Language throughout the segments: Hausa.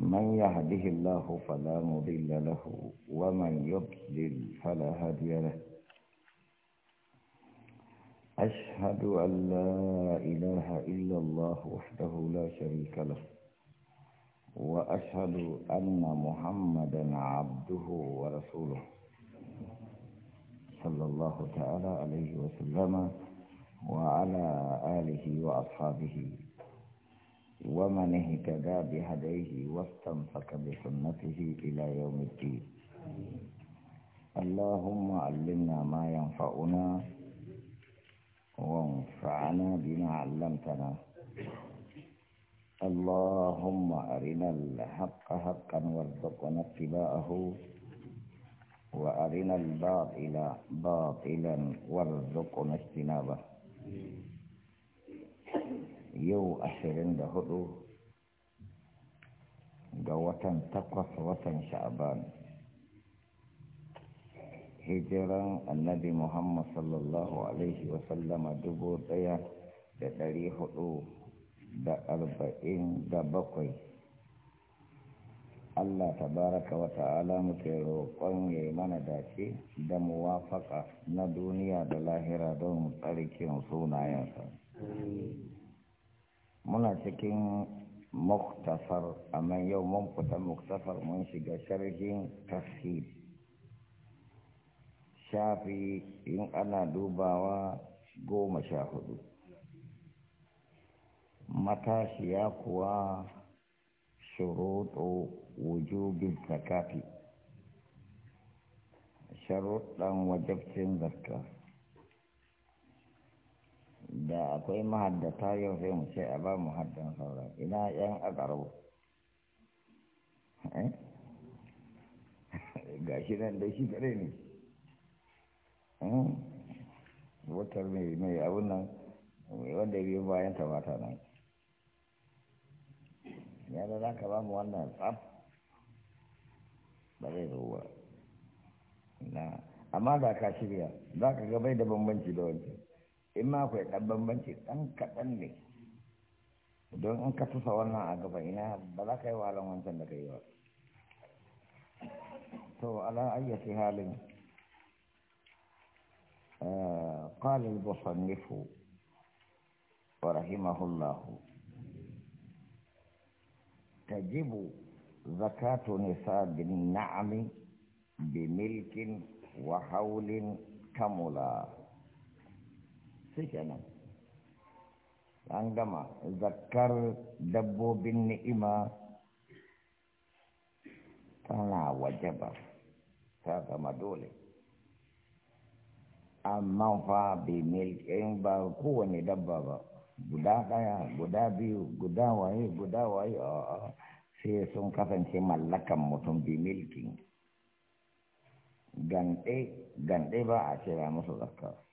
من يهده الله فلا مضل له ومن يضلل فلا هادي له أشهد أن لا إله إلا الله وحده لا شريك له وأشهد أن محمدا عبده ورسوله صلى الله تعالى عليه وسلم وعلى آله وأصحابه ومن اهتدى بهديه واستنصك بسنته إلى يوم الدين اللهم علمنا ما ينفعنا وانفعنا بما علمتنا اللهم أرنا الحق حقا وارزقنا اتباعه وأرنا الباطل باطلا وارزقنا اجتنابه yau ashirin da hudu ga watan takwas watan sha'aban hijiran annabi muhammad sallallahu alaihi wasallama dubu daya da dari hudu da arba'in da bakwai Allah ta baraka wa ta'ala muke roƙon ya yi mana dace da muwafaka na duniya da lahira don tsarkin sunayensa. muna cikin muktasar amma yau mun fita muktasar mun shiga sharhin tafsir shafi in ana dubawa goma sha hudu matashiya kuwa shuruɗo wujubin zakati sharuɗan wajabcin zakka da akwai mahaddata yau sai mu ce a ba mu haddan saura ina yan akaro eh? ga shi nan da shi kare ne eh? wutar mai mai abun nan wanda biyu bayan ta bata nan ya da za ka ba mu wannan tsaf ba zai zo ba amma da ka shirya za ka gabai da bambanci da wancan in ma akwai ɗan bambanci ɗan kaɗan ne don in ka tusa wannan a gaba ina ba za ka yi wahalan wancan da ka ba to ala ayyati halin قال المصنف ورحمه الله تجب زكاة نساء النعم بملك وحول كملا sai kenan an gama zakar dabbobin ni'ima tana wajaba ta gama dole amma fa bi milkin ba kowane dabba ba guda ɗaya guda biyu guda waye guda waye a sai sun kasance mallakan mutum bi milkin gande gande ba a cira musu zakar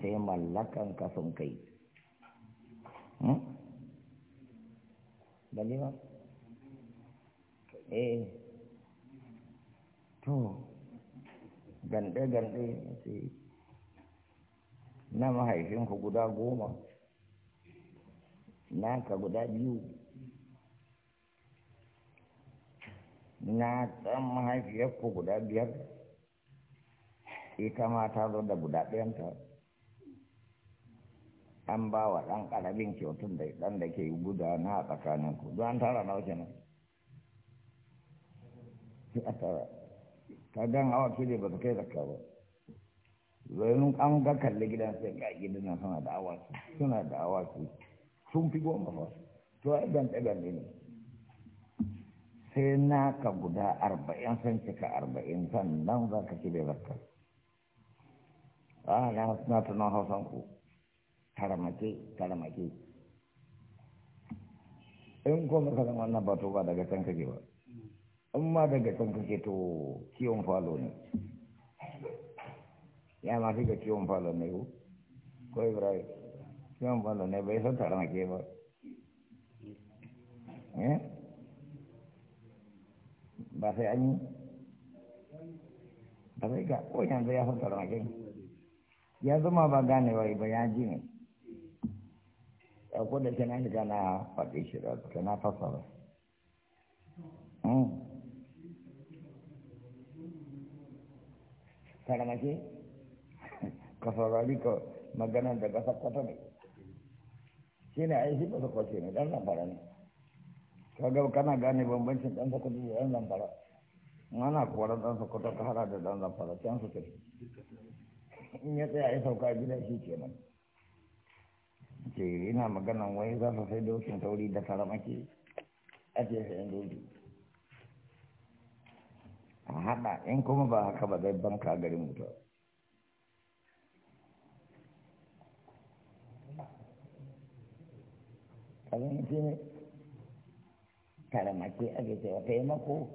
sai mallakan ka sun kai hmm? Bali Eh, to, gande-gande ce, na mahaifinku guda goma, na ka guda biyu, na ɗan mahaifiyarku guda biyar, ita ma ta zo da guda ɗayanta. an ba wa ɗan ƙarabin kyautun da ɗan da ke gudana a tsakanin ku don tara na wajen nan a gan hawa kiri ba su kai zakka ba zainun an ga kalli gidan sai ga gidan nan suna da awaki suna da awaki sun fi goma ba to a idan ɗaga ne ne sai naka guda arba'in san cika arba'in sannan za ka shirya zakka a ah, na tunan hausan ku taramake taramake in ko baka san na bato ba daga can kake ba in ma daga can kake to kiwon falo ne ya ma fi ga kiwon falo ne ko ko ibrahim kiwon falo ne bai san taramake ba eh? ba sai an yi ba sai ga ko yanzu ya san taramake ya zama ba ganewa ba ya ji ne ko da kana shiga na faɗi shi da hmm. kana na karamake ka saurari ka magana da ka sakwata ne shi ne ai shi ba sakwace ne dan lambara ne kaga kana gane bambancin dan sakwata da dan lambara ana koran dan sakwata ka hada da dan lambara can su tafi in ya tsaya ya sauka gida shi kenan ce ina maganan wai za su sai dokin sauri da karamaki ake sayan doki a haɗa in kuma ba haka ba zai banka garin mutu abin shi ne karamaki ake cewa taimako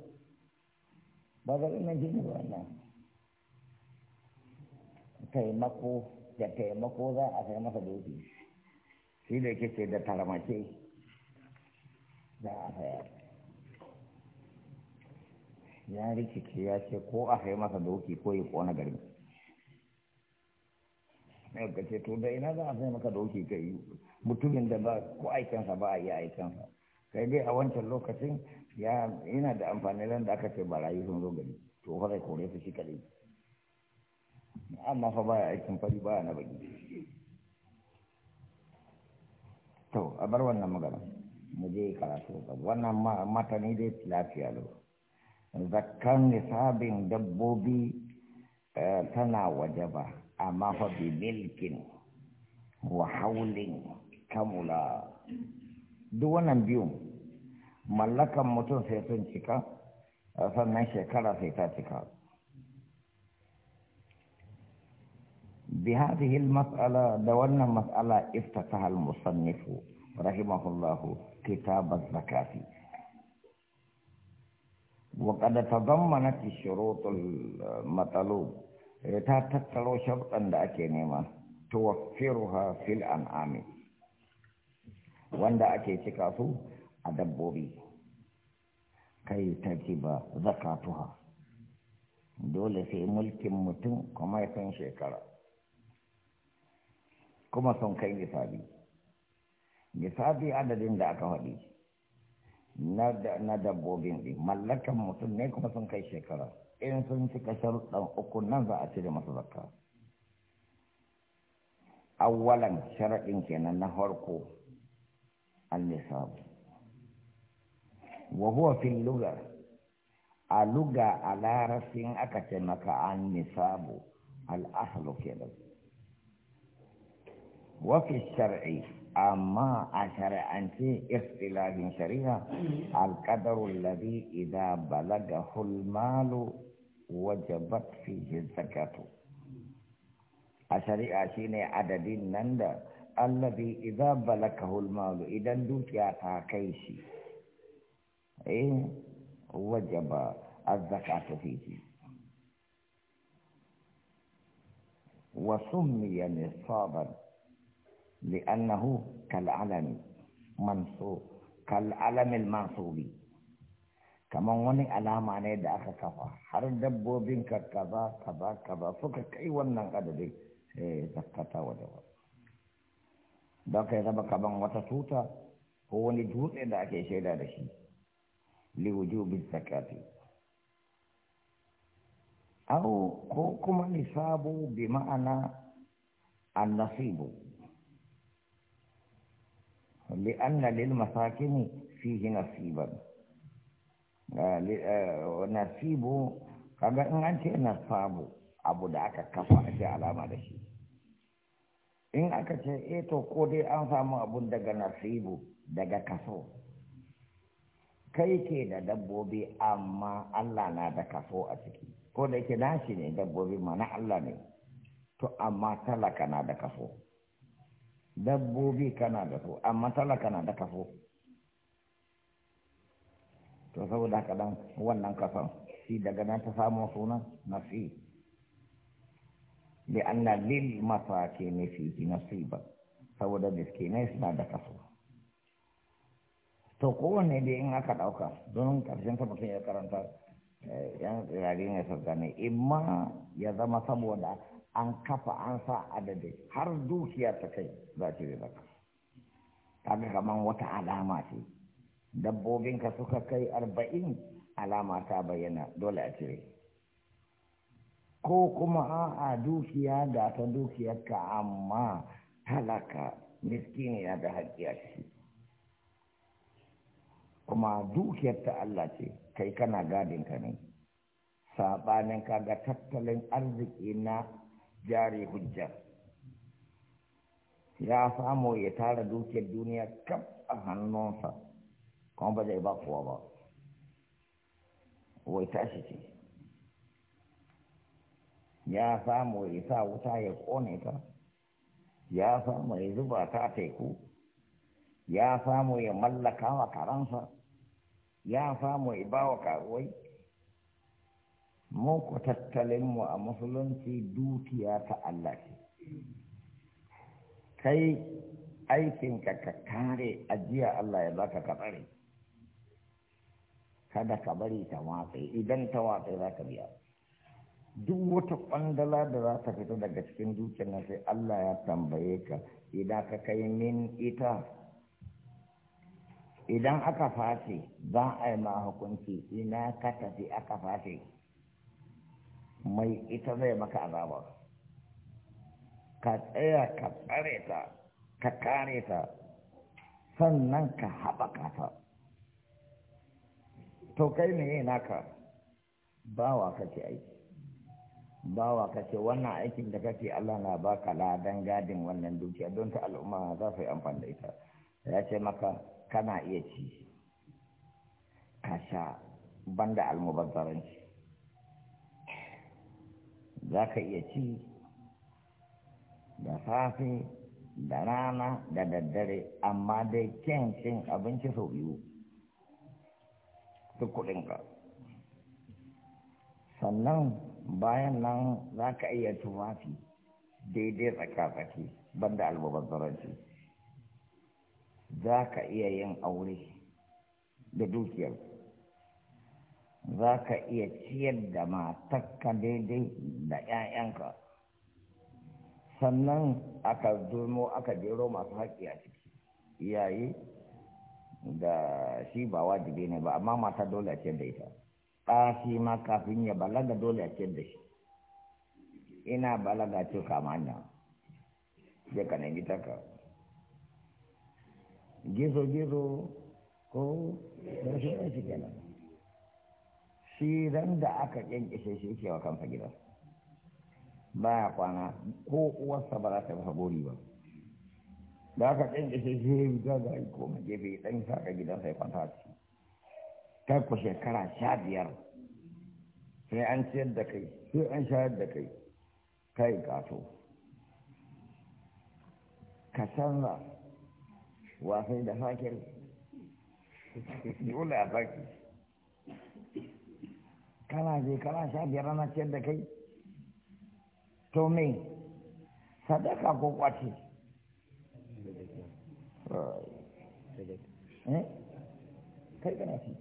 ba zaɓi na jini wannan taimako da taimako za a sai masa doki shi ne yake ce da taramake za a haya ya rikice ya ce ko a haya masa doki ko yi kona garin sai ga ce to da ina za a sai maka doki ka yi mutumin da ba ko aikinsa ba a yi aikinsa sai dai a wancan lokacin ya yana da amfani da aka ce rayu sun zo gari to fa kore su shi kadai amma fa baya aikin fari baya na baki to a bar wannan magana mu je karatu wannan matani dai lafiya lau zakkan nisabin dabbobi eh, tana wajaba amma fa bi milkin wa haulin kamula duk wannan biyun mallakan mutum sai sun cika sannan shekara sai ta cika بهذه المسألة دولنا مسألة افتتح المصنف رحمه الله كتاب الزكاة وقد تضمنت الشروط المطلوب تتلو شرطا لأكي نيما توفرها في الأنعام وان لأكي تكاسو أدبوري كي تجب زكاتها دول في ملك متن كما يكون شكرا kuma son kai nisabi nisabi adadin da aka haɗi na dabbobin ɗin mallakan mutum ne kuma son kai shekara in sun cika sharuɗan uku nan za a cire masu zakka awwalan sharaɗin kenan na harko an nisabu wa huwa fil a luga a larasin aka ce maka an nisabu al'ahalo kenan وفي الشرع أما أشرع أنت اختلاف شريعة القدر الذي إذا بلغه المال وجبت فيه الزكاة أشرع شيني عدد نند الذي إذا بلغه المال إذا دوت يا كيشي إيه وجب الزكاة فيه وسمي نصابا لأنه كالعلم منصوب كالعلم المنصوب كما وني على معنى داخل كفا هر دبو بين كبا كبا كبا فك كي ونن قد دي زكتا ودو دوك يا سبا كبا وتسوتا هو ني جوت دا كي شيدا دشي لوجوب الزكاة أو كو كما نصابو بمعنى النصيب li'anna lil masakini fihi nasiban nasibu kaga in an ce nasabu abu da aka kafa shi alama da shi in aka ce eh to ko dai an samu abun daga nasibu daga kaso kai ke da dabbobi amma Allah na da kaso a ciki ko da yake nashi ne dabbobi mana Allah ne to amma talaka na da kaso dabbobi kana da su amma talaka na da kafo to saboda haka dan wannan kasan shi daga nan ta samu sunan nasi bi anna lil masakin fihi nasiba saboda miskinai suna da kaso to kowanne dai in aka dauka don karshen ta mutum ya karanta eh, yan tsirari ne su gane imma ya zama saboda an kafa an sa adadi har dukiya ta kai za ki baka. Ta kaga kaman wata alama ce dabbobinka suka kai arba'in alama ta bayyana dole a cire ko kuma a dukiya da ta dukiyarka amma talaka miskini ya da haƙƙi a ciki kuma dukiyar ta Allah ce kai kana gadinka ne saɓanin ga tattalin arziki na jari hujja ya samu ya tara dukiyar duniya kaf a hannunsa kuma ba zai ba kuwa ba wai tashi ce ya samu ya sa wuta ya kone ta ya samu ya zuba ta teku ya samu ya mallaka wa karansa ya samu ya ba wa karuwai Moko tattalin mu a musulunci dukiya ta Allah ce kai aikinka ka kare ajiya Allah ya baka ka kada ka bari ta watsa idan ta watsa za ka biya duk wata kwandala da za ta fita daga cikin dukiyar nan sai Allah ya tambaye ka idan ka kai min ita idan aka fashe za a yi ma hukunci ina ka tafi aka fashe mai ita zai maka azaba ka tsaya ka tsare ta ka kare ta sannan ka haɓaka ta to kai ne naka bawa kake aiki bawa kace wannan aikin da kake Allah na baka ladan gadin wannan dukiya don ta al'umma za su yi amfani da ita ya ce maka kana iya ci ka sha banda almubazzaranci za ka iya ci da safe da rana da daddare amma dai kyan cin abinci sau biyu duk kudinka sannan bayan nan za ka iya tumafi daidai tsaka-tsaki banda albabazaranci za ka iya yin aure da dukiyar za ka iya ciyar da matakka daidai da 'ya'yanka sannan aka domo aka jero masu haƙƙi a ciki iyaye da shi ba wajibi ne ba amma mata dole a ciyar da ita ɗa shi ma kafin ya balaga dole a ciyar da shi ina balaga ce kamanya ya ka nemi taka gizo-gizo ko ne shi kenan shi da aka kyankishe shi yake wa kansa gida ba ya kwana ko uwarsa ba za ta masa gori ba da aka kyankishe shi ya yi a yi koma gefe ya ɗan sa ka gidansa ya kwanta a ciki kai ku shekara sha biyar sai an ciyar da kai sai an shayar da kai kai gato ka canza wasai da fakir dole a fakir kana je kana sha biyar rana ciyar da kai to me sadaka ko kwace eh? kai kana ci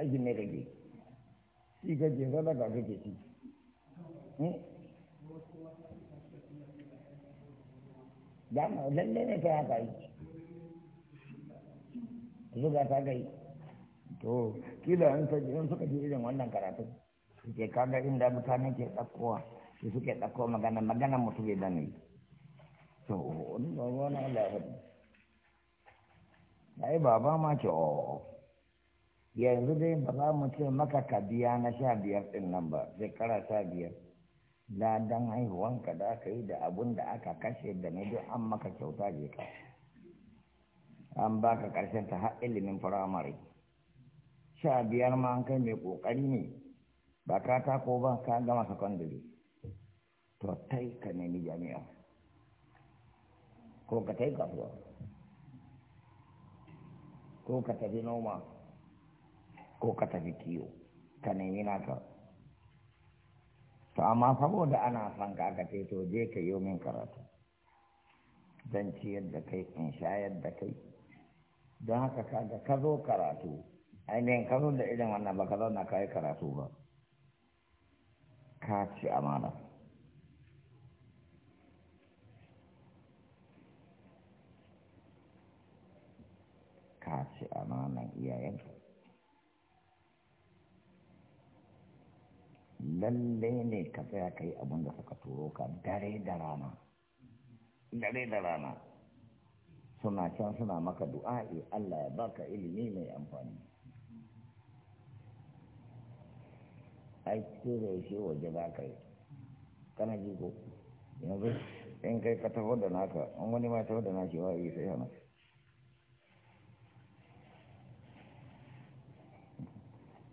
aiki ne kake shi kake sadaka kake ci eh? dama lalle ne ta haka yi zuga ta gai to kila an ta in suka ji irin wannan karatu suke kaga inda mutane ke ɗaukowa su suke ɗauko magana magana mutum ya dani to wani ba wani Allah ya ai baba ma ce o oh, yanzu dai ba za mu ce maka ka biya na sha biyar ɗin nan ba kara sha biyar ladan haihuwanka da aka yi da abun da aka kashe da na duk an maka kyauta je ka an baka ƙarshen ta har ilimin firamare sha biyar ma an kai mai ƙoƙari ne ba katako ba ka gama sakandare to tai ka nemi jami'a ko ka tai kasuwa ko ka tafi noma ko ka tafi kiwo ka nemi naka to amma saboda ana son ka aka ce to je ka yi min karatu zan ciyar da kai in shayar da kai don haka ga ka zo karatu ainihin kano da irin wannan baka zauna ka yi karatu ba ka ci amana ka ci amanan iyayenka lalle ne ka tsaya ka yi abin da suka turo ka dare da rana dare da rana suna can suna maka du'a'i Allah ya baka ilimi mai amfani ai ko da yaushe waje ba ka yi kana ji ko yanzu in kai ka taho da naka in wani ma taho da na ke yi sai hana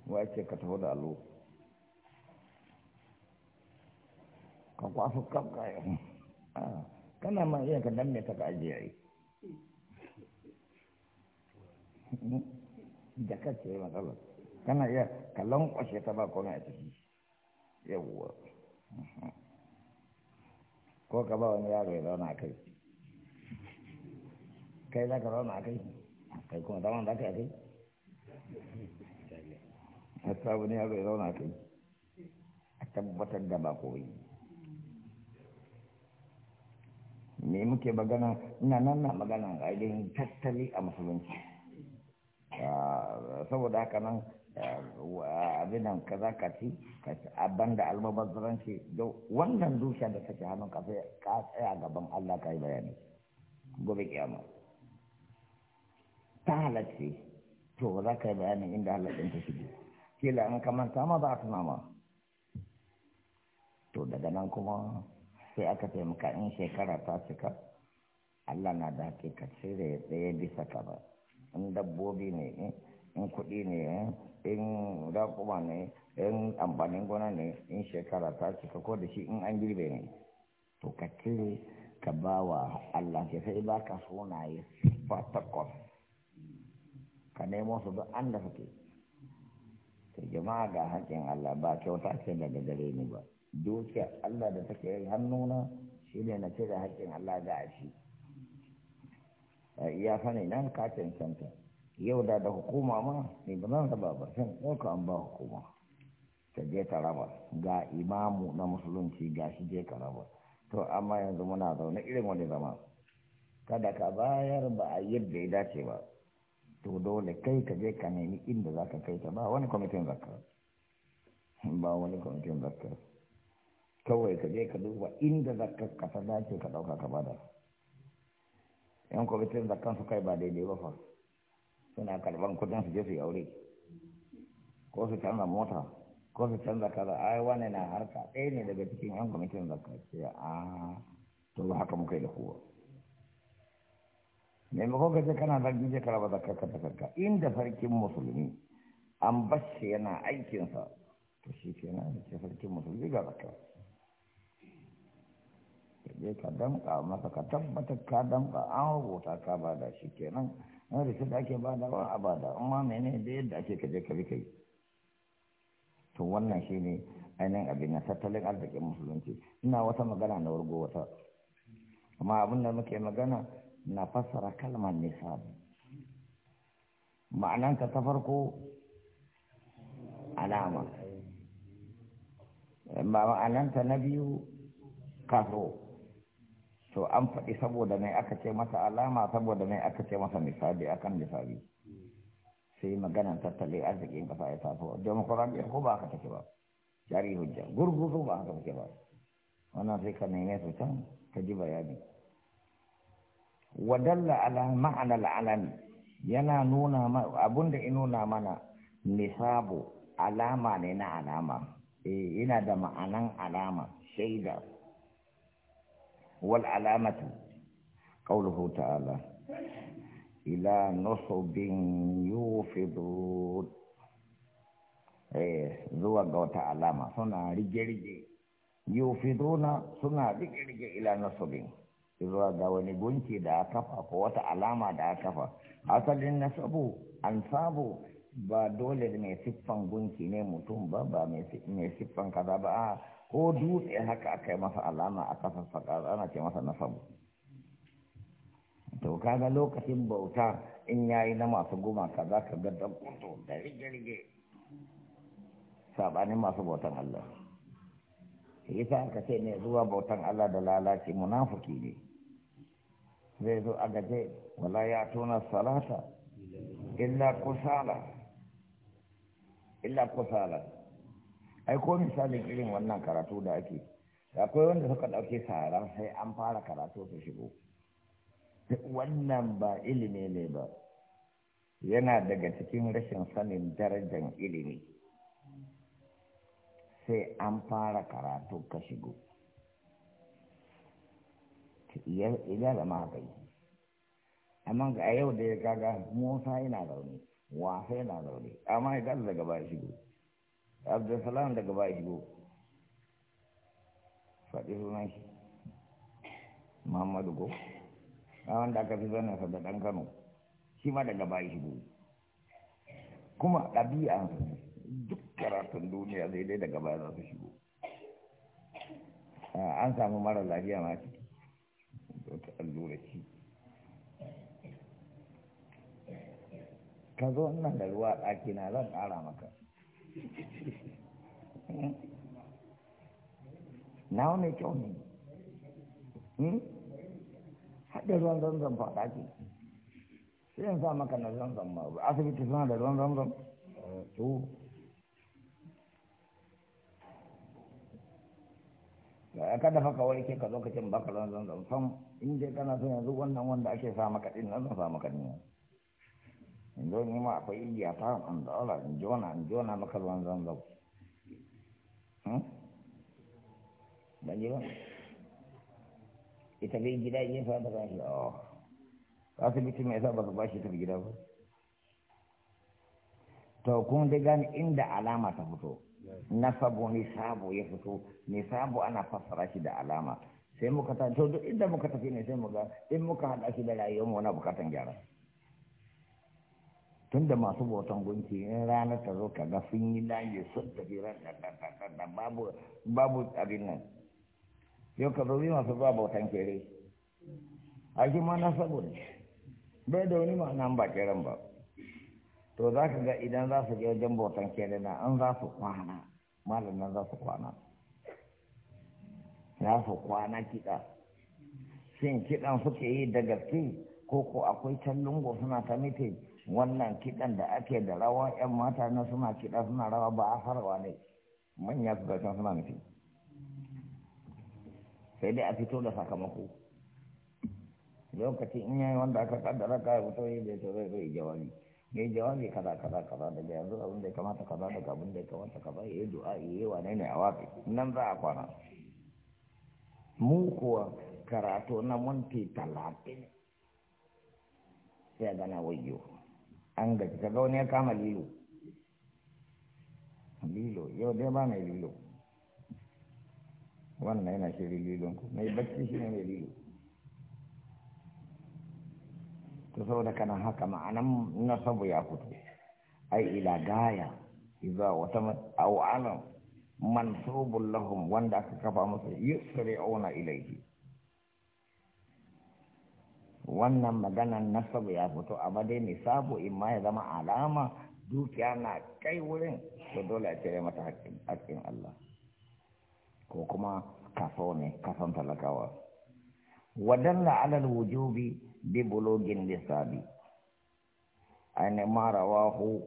wa ce ka taho da allo ka kwafi kafka yi ah, kana ma iya ka danne ta ka ajiye yi hmm? da ka ce matsalar kana iya kallon kwashe ta ba kone a ciki yawwa ko ka ba wani yaro ya zauna a kai kai za ka zauna a kai kai kuma zaman za ka yi a kai a sabu ne yaro ya zauna a kai a tabbatar da ba koyi me muke magana ina nan na magana ainihin tattali a musulunci ah, saboda haka nan abinan kaza ka ci ka ci abban da almubazzaranci da wannan zuciya da take hannun ka ka tsaya gaban Allah ka yi bayani gobe kiyama ta halacce to za ka yi bayani inda halaccin ta shige kila in ka manta ma ba a tuna ma to daga nan kuma sai aka taimaka in shekara ta cika Allah na da hakika sai da ya tsaye bisa ka ba in dabbobi ne eh, in kuɗi ne in raƙuma ne in amfanin gona ne in shekara ta cika ko da shi in an girbe ne to ka cire ka ba wa Allah ke sai ba ka sunaye ba takwas ka nemo su duk an da suke to jama'a ga haƙƙin Allah ba kyauta ce daga gare ni ba dukiya Allah da take hannuna shi ne na cire haƙƙin Allah ga shi ya sani nan ka cancanta yau da da hukuma ma ne ba nan ba ba sai ɗauka an ba hukuma ta je ta raba ga imamu na musulunci ga shi je ka raba to amma yanzu muna zaune irin wani zama kada ka bayar ba a yadda ya dace ba to dole kai ka je ka nemi inda za ka kai ta ba wani kwamitin zakka ba wani kwamitin zakka kawai ka je ka duba inda zakka ka ta dace ka ɗauka ka bada yan kwamitin zakkan su kai ba daidai ba fa suna karban kudin su je su yaure ko su canza mota ko su canza kaza ai wane na harka ɗaya ne daga cikin yan kwamitin zakka ce a to ba haka muka yi da kowa maimakon ka ce kana zargin je karaba zakka ka zakka inda sarkin musulmi an bashi yana aikinsa to shi kenan ce sarkin musulmi ga zakka je ka damƙa masa ka tabbatar ka damƙa an rubuta ka ba da shi kenan na da ake ba da wa a ba da amma mene da yadda ake kaje kabi kai to wannan shi ne ainihin abin na tattalin arzikin musulunci ina wata magana na wargo wata amma abin da muke magana na fassara kalmar nisa ka ta farko alama ma'anan ma'ananta na biyu kaso to an faɗi saboda mai aka ce masa alama saboda mai aka ce masa misali akan misali sai maganan tattalin arzikin ƙasa ya taso demokuraɗiyar ko ba haka take ba jari hujja gurguzu ba haka take ba wannan sai ka neme su can ka ji bayani wadalla ala ma'ana al'alami yana nuna abunda in nuna mana nisabu alama ne na alama eh yana da ma'anan alama shaida wal قوله تعالى إلى نصب يوفضون إيه زوا قوتا علامة صنع رجي رجي يوفضون صنع ila نصب eh, zuwa ga wani gunki da aka kafa ko wata alama da aka kafa asalin nasabu an sabu ba dole mai siffan gunki ne mutum ba ba mai siffan kaza ba a ko dutse haka aka yi masa alama a kasa sakar ana ce masa na samu to kaga lokacin bauta in yayi na masu gumaka za ka ga dan kunto da rige-rige sabanin masu bautan Allah yasa aka ce ne zuwa bautan Allah da lalaci munafuki ne zai zo a gaje wala ya tona salata illa kusala illa kusala ai ko misalin irin wannan karatu da ake akwai wanda suka ɗauke sa sai an fara karatu su shigo wannan ba ilimi ne ba yana daga cikin rashin sanin darajar ilimi sai an fara karatu ka shigo iya da magai amma ga yau da ya kaga musa yana rauni wasa yana rauni amma gaza daga ba shigo abdulsalam daga ba faɗi sunan shi muhammadu go a wanda aka fi zanen sa da ɗan kano shi ma daga ba shigo kuma Ɗabi'a duk karatun duniya sai dai daga baya za su shigo an samu mara lafiya ma ciki ta allura ci ka zo nan da ruwa ɗaki na zan ƙara maka nawa mai kyau ne haɗe ruwan zanzan faɗa ke sai yin sa maka na zanzan ma asibiti suna da ruwan zanzan to ka dafa wai ke ka lokacin baka ruwan zanzan san in dai kana son yanzu wannan wanda ake sa maka ɗin nan zan sa maka ɗin in zo ma akwai igiya ta an ala in jona in jona maka ruwan zanzau ban ji ba ita bai gida yin kashi? da bashi a asibiti mai sa ba su bashi ta gida ba to kun da gani inda alama ta fito ne sabo ya fito sabo ana fassara shi da alama sai muka ta to duk inda muka tafi ne sai muka in muka hada shi da rayuwar mu na bukatan gyara tun da masu bautan gunki in rana ta zo ka ga sun yi layi sun tafi da babu babu abin nan yau ka zobi masu zuwa bautan kere a ji ma na saboda bai da wani ma'ana ba kiran ba to za ka ga idan za su je wajen bautan kere na an za su kwana malam nan za su kwana za su kwana kiɗa shin kiɗan suke yi da gaske ko ko akwai can suna ta mitin wannan kiɗan da ake da rawa 'yan mata na suna kiɗa suna rawa ba a harawa ne manya su gashin suna nufi sai dai a fito da sakamako lokacin in yayi wanda aka kaddara ka ya fito zai to zai zai jawabi ne jawabi kaza kaza kaza daga yanzu abin da ya kamata kaza daga abin da ya kamata kaza ya yi du'a ya yi wane ne a wafi nan za a kwana mu kuwa karatu na minti talatin sai gana wayyo an gaji kaga wani ya kama lilo lilo yau dai ba mai lilo wannan yana shirin lilon ku mai bacci shi ne mai lilo to saboda kana haka ma'anan nasabu ya fito ai ila gaya iza wata awalan mansubun lahum wanda aka kafa musu yusri'una ilaihi wannan maganan nasabu ya fito amma dai nisabu in ma ya zama alama dukiya na kai wurin to dole a cire mata haƙƙin Allah ko kuma kaso ne kason talakawa wadanda alal wujubi bi bulogin nisabi ainihin ma rawahu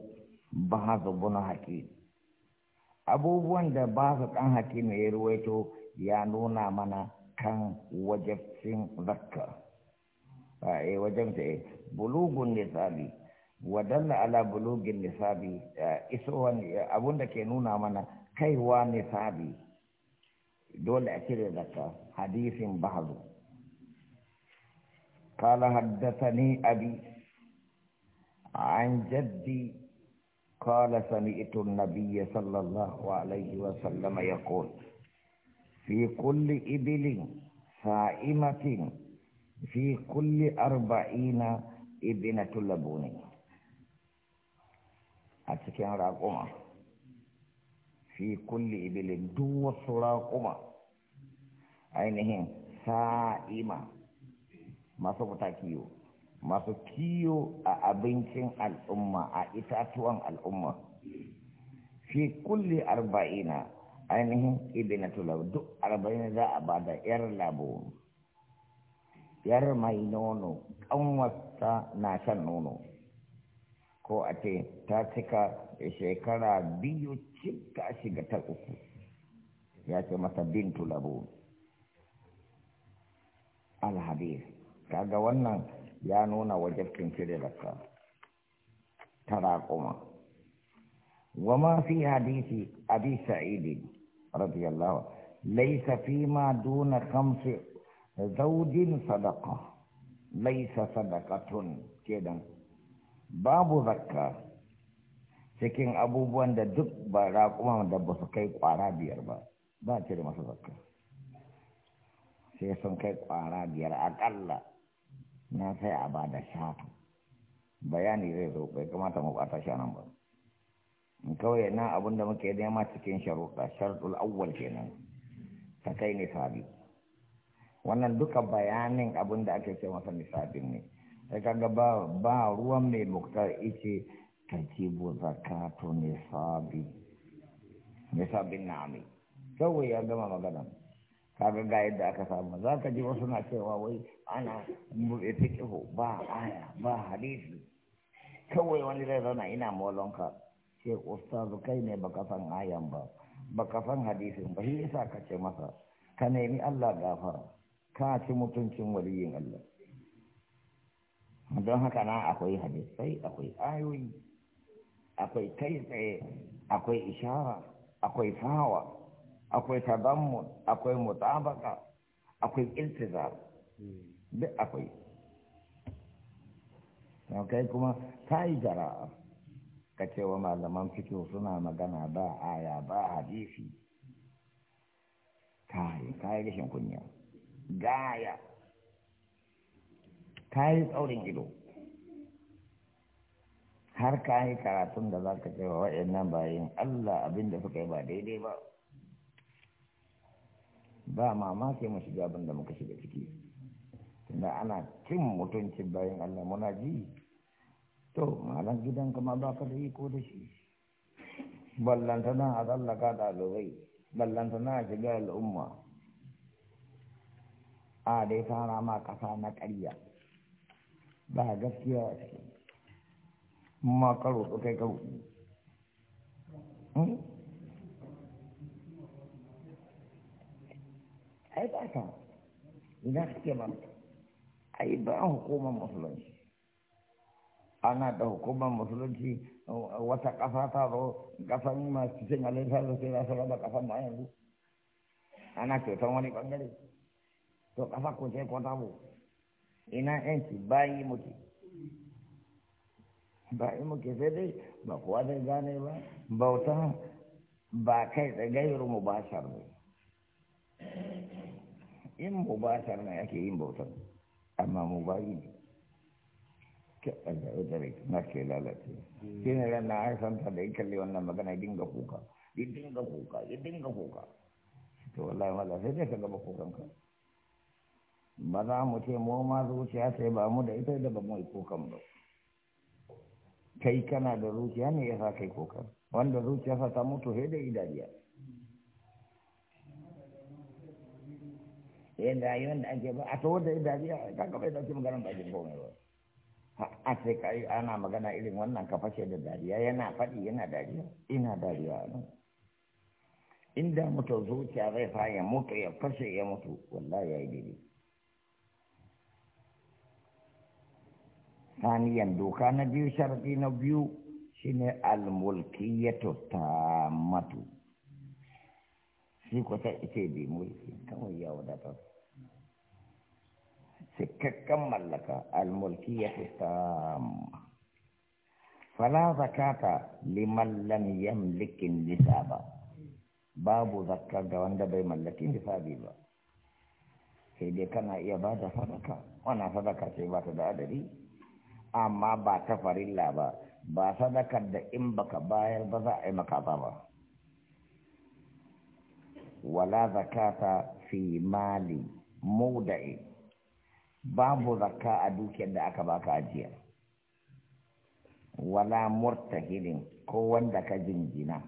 ba su buna haƙi abubuwan da ba su ɗan haƙi mai ruwaito ya nuna mana kan wajabcin zakka a ah, eh, wajen ta eh bulugun nisabi wadalla ala bulugin nisabi ah, isowan eh, abun da ke nuna mana kaiwa nisabi dole a cire daga hadisin bahalu bahazu قال حدثني أبي عن جدي قال سمعت النبي صلى الله عليه وسلم يقول في كل إبل سائمة fi kulli arba'ina ibnatul labuni a cikin raƙuma fi kulli ibilin duk wasu raƙuma ainihin sa'ima masu fita kiyo masu kiyo a abincin al'umma a itatuwan al'umma fi kulli arba'ina ainihin ibnatul labuni duk arba'ina za a bada yar labuni yar mai nono ƙanwarsa na shan nono ko a ce ta cika da shekara biyu cika shiga ta uku ya ce masa bintu labo alhabir kaga wannan ya nuna wajabcin cire zakka ta raƙuma wama fi hadisi abi Saidin. radiyallahu laysa fi ma duna zaujin sadaka laisa sadakatun kenan babu zakka cikin abubuwan da duk ba raƙuma da ba su kai ƙwara biyar ba ba ce da masu zakka sai sun kai ƙwara biyar aƙalla na sai a ba da shatu bayani zai zo bai kamata mu sha nan ba kawai na abin da muke nema cikin sharuɗa sharuɗul awwal kenan ta kai ne sabi wannan duka bayanin abin da ake ce masa nisabin ne sai kaga ba ba ruwan mai muktar ice tajibu zakatu nisabi na na'ami kawai ya gama magana kaga ga yadda aka samu za ka ji wasu na cewa wai ana fiqhu ba aya ba hadisi kawai wani zai zauna ina molonka ce ustazu kai ne baka san ayan ba baka san hadisin ba shi yasa ka ce masa ka nemi Allah gafara ka ci mutuncin waliyin Allah don haka na akwai hadisai akwai ayoyi akwai kai tsaye akwai ishara akwai fawa akwai tadammun akwai mutabaka akwai iltiza, duk akwai kai kuma ta yi jara'a ka cewa malaman fito suna magana ba aya ba hadisi ta yi rashin kunya gaya ka yi tsaurin ido har ka yi karatun da za ka ce wa wa'annan bayan Allah abin da suka yi ba daidai ba ba mamaki mu shiga abin da muka shiga ciki tunda ana cin mutuncin bayan Allah muna ji to malam gidan ma ba ka da iko da shi ballantana a tsallaka ɗalibai ballantana a shiga al'umma a ya fara ma kasa na ƙarya ba gaskiya a ciki ma karo ko kai karo hmm? ai ba ta ina suke ba ai ba hukumar musulunci ana da hukumar musulunci wata ƙasa ta zo ƙasan masu cin halittar da sai rasu raba ƙasan ma yanzu ana kyautar wani ɓangare to kafa ku ce ko tabu ina yanci bayi muke bayi muke sai dai ba kowa zai gane ba bauta ba kai da gairu mu bashar ne in mu bashar ne ake yin bautar amma mu bayi ne kaɗan da udare na ke lalace shi ne ran na haifanta da ya kalli wannan magana ya dinga kuka ya dinga kuka ya dinga kuka to wallahi wallahi sai dai ka kuka kukanka ba za mu ce mu ma zuciya sai ba mu da ita da ba mu kokan ba kai kana da zuciya ne ya sa kai kokan wanda zuciya sa ta mutu sai da idariya da yan da ake ba a tawo da idariya ta bai da kuma magana ba ake komai ba a sai kai ana magana irin wannan ka fashe da dariya yana faɗi yana dariya ina dariya ne inda mutu zuciya zai fa ya mutu ya fashe ya mutu wallahi ya yi daidai Saniyan doka na biyu sharadi na biyu shi ne almulki ya tattamatu. Shi kusa ita mallaka almulki ya tattamatu. Fala zakata liman lam yamlikin lisa ba, babu zakar ga wanda bai mallaki lisa bi ba. Sai dai kana iya ba da sadaka, wana sadaka ce ba ta da adari. amma ba ta farilla ba ba sadakar da in baka bayar ba za a yi maka ba wala zakata fi mali mudai babu zakka a dukiyar da aka baka ajiya wala murtahirin ko wanda ka jingina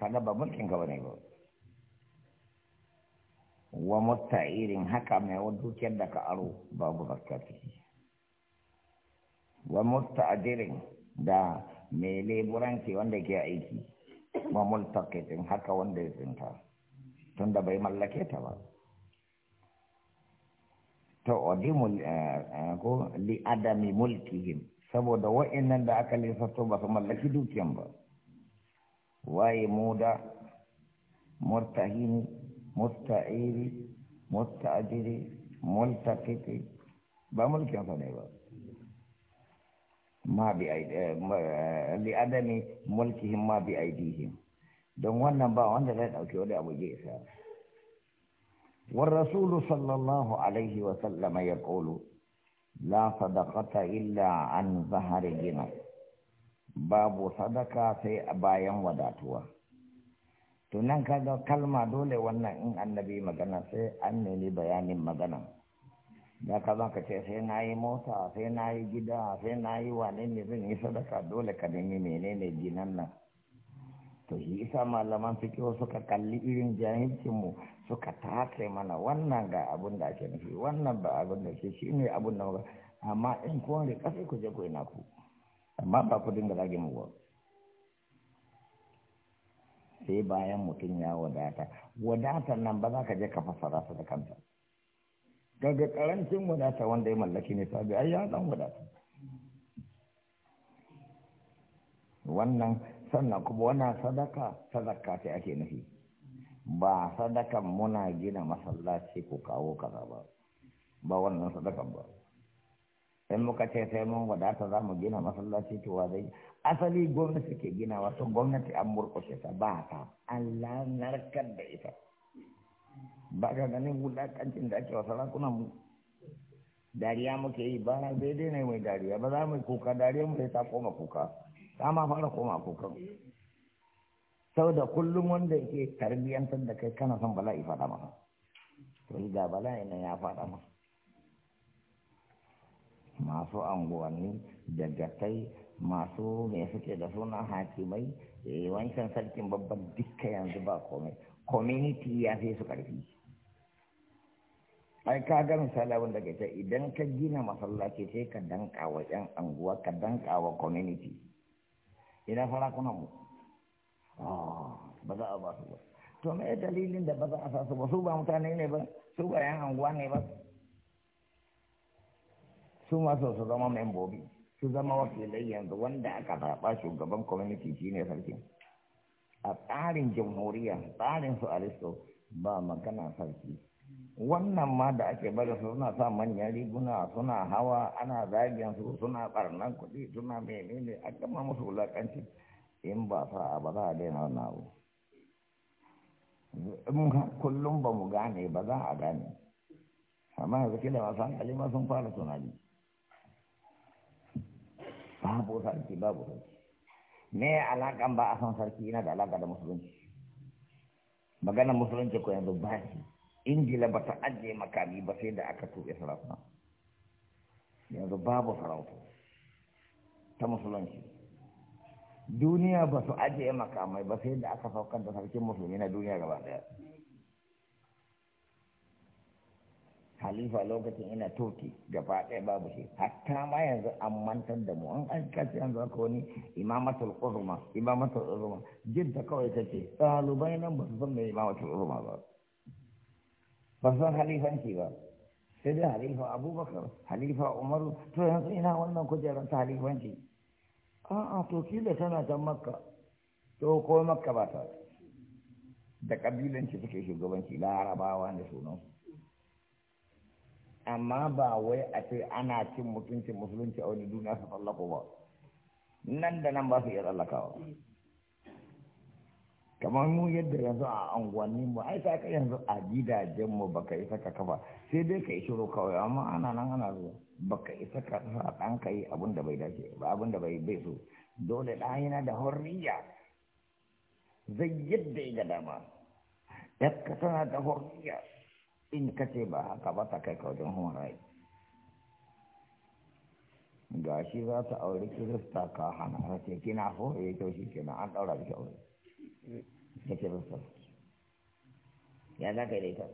kaga ba mulkin ka bane ba wa murtahirin haka mai dukiyar da ka aro babu zakka ciki wa musta'dirin da mai leburanci wanda ke aiki wa multaqitin haka wanda ya tsinta tunda bai mallake ta ba to odimul eh, eh, ko li adami mulkihim saboda wa'annan da aka lissafto ba su mallaki dukiyan ba waye muda murtahini musta'iri musta'jiri multaqiti ba mulkin sa ne ba ma bi li'adami eh, eh, mulkihim ma bi aidihim don wannan ba wanda zai dauke wani abu ya isa war rasulu sallallahu alaihi wa sallama ya qulu la sadaqata illa an zahari gina babu sadaka sai a bayan wadatuwa to nan kaga kalma dole wannan in annabi magana sai an nemi bayanin magana da ka za ka ce sai na yi mota sai na yi gida sai na yi wane ne zan yi sadaka dole ka nemi menene ginan nan to shi isa malaman fikiyo suka kalli irin jahilcinmu suka tace mana wannan ga abun da ake nufi wannan ba abun da ke shi ne abun da amma in kun riƙa sai ku je ku ina ku amma ba ku dinga zage mu ba sai bayan mutum ya wadata wadatan nan ba za ka je ka fassara su da kanta daga karancin wadata wanda ya mallaki ne sabi ai ya dan wadata wannan sannan kuma wannan sadaka sadaka ce ake nufi ba sadakan muna gina masallaci ko kawo kaza ba ba wannan sadakan ba in muka ce sai mun wadata za mu gina masallaci to wa zai asali gwamnati ke gina wasu gwamnati an murkushe ta ba ta an lanarkar da ita ba ka ganin kancin da ake wa sarakunan mu dariya muke yi ba bai daina mai dariya ba za mu yi kuka dariya mu ta koma kuka ta ma fara koma kuka saboda kullum wanda yake tarbiyyantar da kai kana son bala'i fada masa to ga bala'i nan ya fada masu anguwanni dagatai masu me suke da suna hakimai wancan sarkin babban dukka yanzu ba komai community ya fi su karfi ai ka ga misali abin da ke ce idan ka gina masallaci sai ka danka wa yan anguwa ka danka wa community ina farakunan mu ah, ba za a ba su ba to me dalilin da ba za a sa su ba su ba mutane ne ba su ba yan anguwa ne ba su ma so su zama membobi su zama wakilai yanzu wanda aka zaɓa shugaban community shi ne sarki a tsarin jamhuriya tsarin su aristo ba magana sarki wannan ma da ake bari su suna sa manyan riguna suna hawa ana zagin su suna barnan kuɗi suna menene a kama musu wulakanci in ba sa ba za a daina wannan abu kullum ba mu gane ba za a gane amma yanzu kila masu hankali ma sun fara tunani babu sarki babu sarki me alaƙan ba a san sarki yana da alaka da musulunci maganar musulunci ko yanzu ba shi ingila ba ta ajiye makami ba sai da aka tuɓe sarauta yanzu babu sarauta ta musulunci duniya ba su ajiye makamai ba sai da aka saukanta sarkin musulmi na duniya gaba daya halifa lokacin ina turki gaba daya babu shi hatta ma yanzu an mantar da mu an aikace yanzu aka wani imamatul uzma imamatul uzma jidda kawai ce ɗalibai nan ba su san mai imamatul uzma ba ban san halifanci ba sai dai halifa abubakar halifa umaru to yanzu ina wannan kujerar ta halifanci a'a to kila tana ta makka to ko makka ba ta da kabilanci suke shugabanci larabawa da sunan amma ba wai a ce ana cin mutuncin musulunci a wani duniya su tsallako ba nan da nan ba su iya tsallakawa kamar mu yadda yanzu a unguwannin mu ai ta kai yanzu a gidajen mu baka isa ka kafa sai dai ka shiro kawai amma ana nan ana zuwa baka isa ka sa dan kai abin da bai dace ba abin da bai bai so dole da yana da horriya zai yadda ga dama yakka tana da horriya in ka ce ba haka ba ta kai kawai don rights gashi za ta aure kirista ka hana sai kina so ya eh kyau shi kenan an daura da aure da kirista ya za ka yi da ita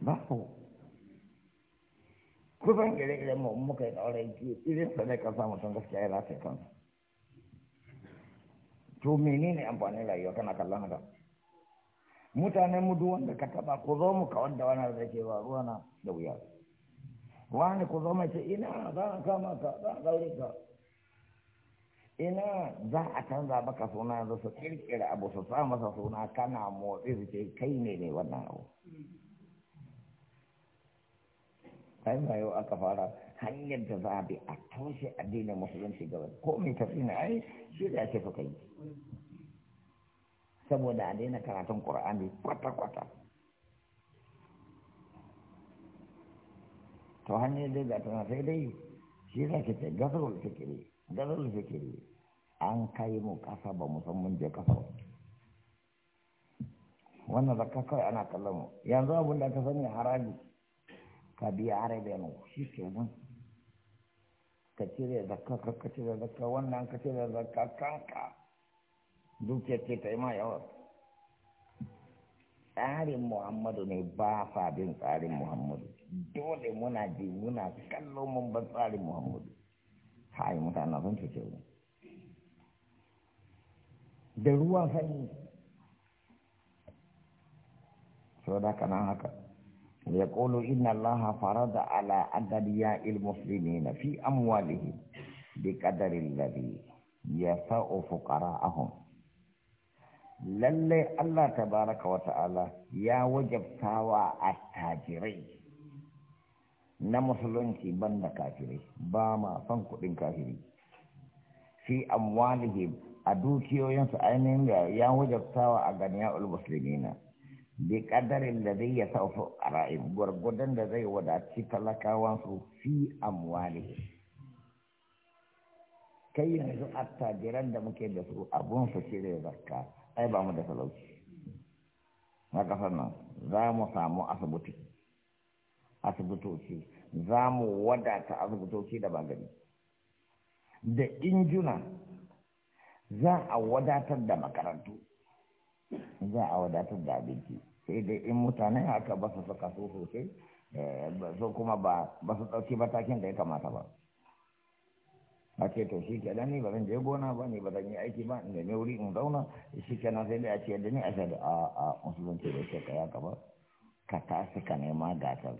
ba ku kusan ire-iren mu muka yi ɗaurin irin sa ne kan samu sun gaskiya ya lafiya kansa to ne amfanin rayuwa kana kallon haka mutanen mu duk wanda ka taba ku zo mu ka wanda wani da ke ba ruwa na da wuya wani ku zo mai ce ina za a kama ka za a daure ka ina za a canza maka suna yanzu su kirkira abu su sa masa suna kana motsi su ce kai ne ne wannan abu kai ba yau aka fara hanyar da za a bi a toshe addinin musulunci gaba ko mai tafi na ai shi da ake yi saboda a daina karatun ƙur'ani kwata-kwata to hanyar dai ga tana sai dai shi za ki ce gasarwar fikiri darul zikiri an kai mu kasa ba musamman je kasa wannan zakka kawai ana kallon mu yanzu abin da ka sani haraji ka biya arabe mu shi ke nan ka cire zakka ka ka cire zakka wannan ka cire ka kanka ce ta yi ma yawa tsarin muhammadu ne ba sa tsarin muhammadu dole muna ji muna kallon mun ban tsarin muhammadu yi mutane na sun cuce mu da ruwan sanyi sau da kanan haka ya ƙolo inna Allah da ala adadiya ilmuslimi na fi amwalihi bi ƙadarin lari ya sa'o fukara ahun lallai Allah ta baraka wata'ala ya wajabtawa attajirai na musulunci ban da kafirai ba ma son kuɗin kafiri fi amwalihi a dukiyoyinsu ainihin ya wajabtawa a ganiya ulmuslimina bi kadarin da zai ya saufu a ra'in gwargwadon da zai wadaci talakawansu fi amwalihi kai yanzu attajiran da muke da su abun su cire zakka ai ba mu da talauci na kasar nan za mu samu asibiti asibitoci za mu wadata asibitoci da magani da injuna za a wadatar da makarantu za a wadatar da abinci sai dai in mutane haka ba su saka su sosai eh, so kuma ba su ɗauki matakin da ya kamata ba a ce to shi ke ni ba zan je gona ba ne ba zan yi aiki ba in nemi wuri in zauna shi nan sai dai a ce da ni a shaɗa a musulunci da ke kaya ka ba ka tasi ka nema gatar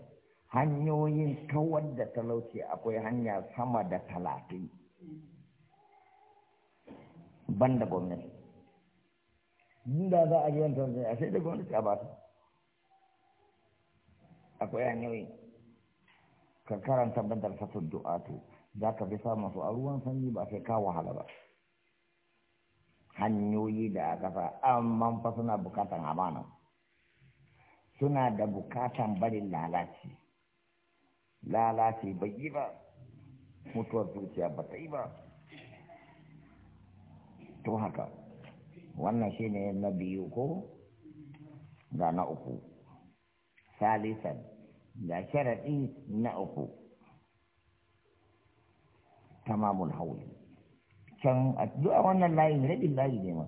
hanyoyin kawar da talauci akwai hanya sama da talatin ban da gwamnati inda za a biyan talauci a sai da gwamnati a bata, akwai hanyoyi ka karanta badar fasar du'atu za ka fi samun su a ruwan sanyi ba sai ka wahala ba hanyoyi da aka fa amma fa suna bukatan amana suna da bukatan barin lalaci lalace bai yi ba mutuwar zuciya ba ta yi ba to haka wannan shi ne na biyu ko ga na uku salisan ga sharaɗi na uku tamamun hauli can a addu'a wannan layin rabin layi ne ma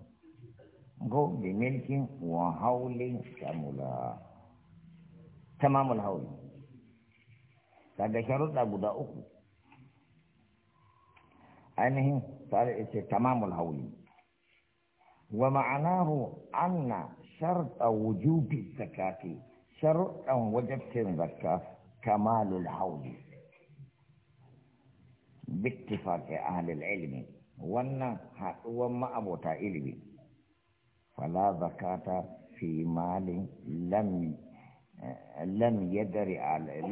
go the milking wa hauli shamula tamamul hauli kaga sharuɗa guda uku ainihin tare ce tamamul hauli wa ma'anahu anna sharta wujubi zakati sharuɗan wajabtin zakka kamalul hauli bittifaqi ahlil ilmi wannan haɗuwan ma'abota ilmi fala zakata fi malin lam lam yadri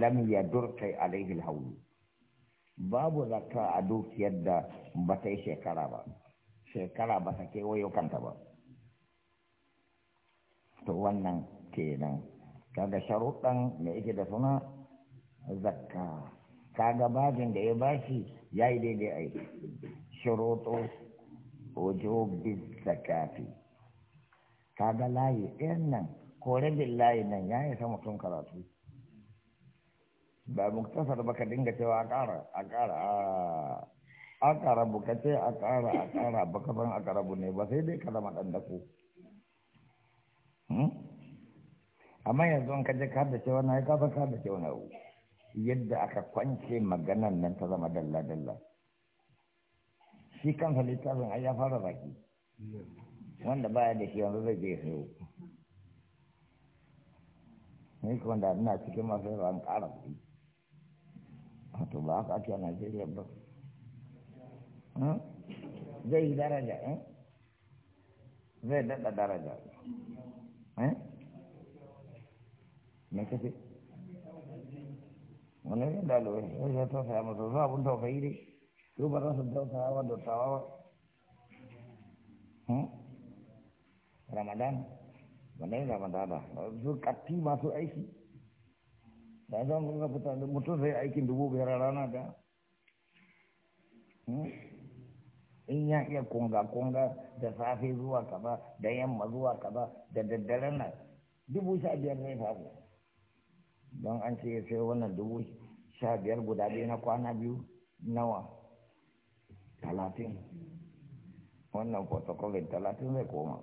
lam yadur alaihi haulu babu zakka a dukiyar da ta yi shekara ba shekara ba ta kewaye kanta ba to wannan kenan kaga sharuɗan me yake da suna zakka kaga babin da ya bashi yayi daidai ai shuruɗu wujubi zakati kaga layi ɗayan nan kore billahi nan ya isa mutum karatu ba muktasar ba ka dinga cewa a ƙara a ƙara a ƙara bukace a ƙara a ƙara ba ka san a ƙara ne ba sai dai ka zama ɗan dako hmm? amma yanzu an kaje ka da cewa na ai ka san ka da cewa na yadda aka kwance maganan nan ta zama dalla dalla shi kansa littafin ai ya fara zaki wanda baya da shi yanzu zai je ya ne kuma da ina cikin masu yawa an ƙara kuɗi wato ba haka ake a najeriya ba hmm? zai yi daraja eh zai daɗa daraja eh me kace wani ne da alwai sai ya tausaya masa zuwa abin tausayi dai su ba za su tausaya wa dottawa ba ramadan wannan yana madada su katti masu aiki da zan kuma fita mutu zai aikin dubu biyar rana da hmm? in ya iya kongga kunga da safe zuwa kaza da yamma zuwa kaza da daddare na dubu sha biyar ne samu don an ce ya sai wannan dubu sha biyar guda nak na kwana nawa talatin wannan protocolin talatin zai koma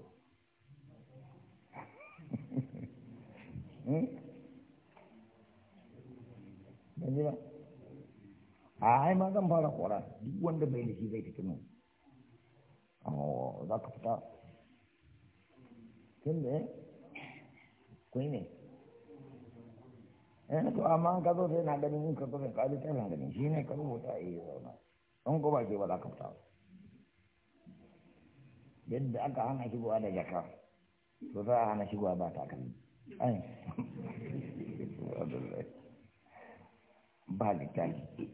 Hmm? ban ba a ai ma zan fara kora duk wanda bai da shi zai fitinu za ka fita Kin ne? kwai ne eh to amma ka zo sai na ganin in ka zo sai ka ta na ganin shi ne ka rubuta eh, a yi zauna don ko ba ke ba za ka fita yadda aka hana shigowa da jaka to za a hana shigowa ba takalmi ba littafi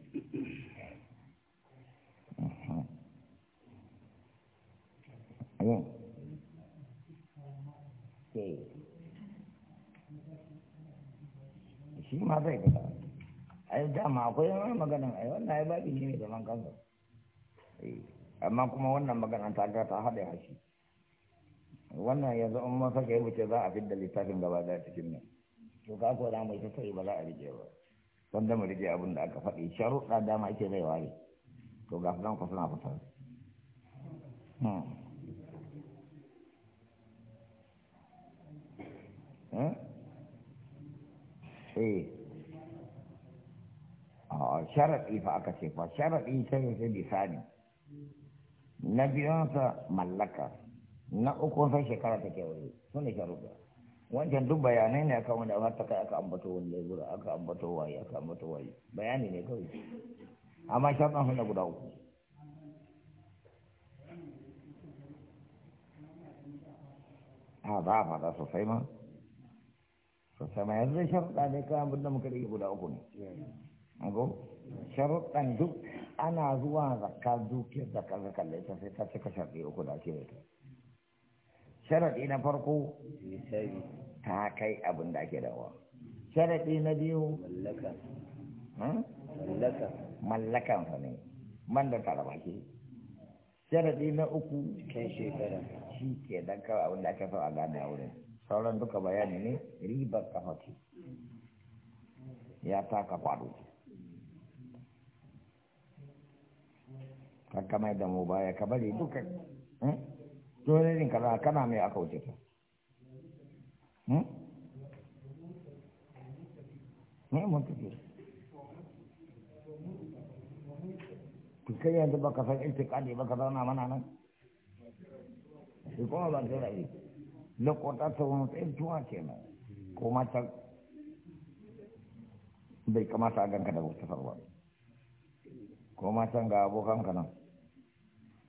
yau shi ma zai fita ai dama akwai yawan maganin ai wannan ai babi ne mai zaman eh, amma kuma wannan magana ta ga ta haɗe hashi wannan yanzu in mun saka yi ce za a fidda littafin gaba da cikin nan to ka ko da mu sai ba za a rike ba da mu rike abin da aka faɗi sharuɗa dama ake zai ware to ga nan ku suna fitar hmm. hmm? eh a sharaɗi fa aka ce fa sharaɗi sai sai bisani na biyansa mallaka na uku sai shekara ta kewaye su ne sharuɗa wancan duk bayanai ne akan wanda har ta kai aka ambato wani lebura aka ambato waye aka ambato waye bayani ne kawai amma sharuɗan sun da guda uku a ba a fata sosai ma sosai ma yanzu sharuɗa ne kawai abin da muka rage guda uku ne ko sharuɗan duk ana zuwa zakka dukiyar zakka zakka da ita sai ta cika sharɗi uku da ake da ita sharaɗi na farko ta kai abin da ake dawa sharaɗi na biyu mallakan sa ne man da taraba ke sharaɗi na uku kai shekara shi ke dan kawai abin da ake so a gane a wurin sauran duka bayani ne ribar kafa ce ya taka kwado kakka mai da mu baya ka bari duka hmm? dole kaza kana mai aka wuce ta ne hmm? mun tafi to kai yanzu ba ka san iltiqadi ba ka zauna mana nan shi kuma ba ka rayu lokota ta wani tsaye kenan ko mata bai kamata a ganka da mustafar ba ko matan ga abokan ka nan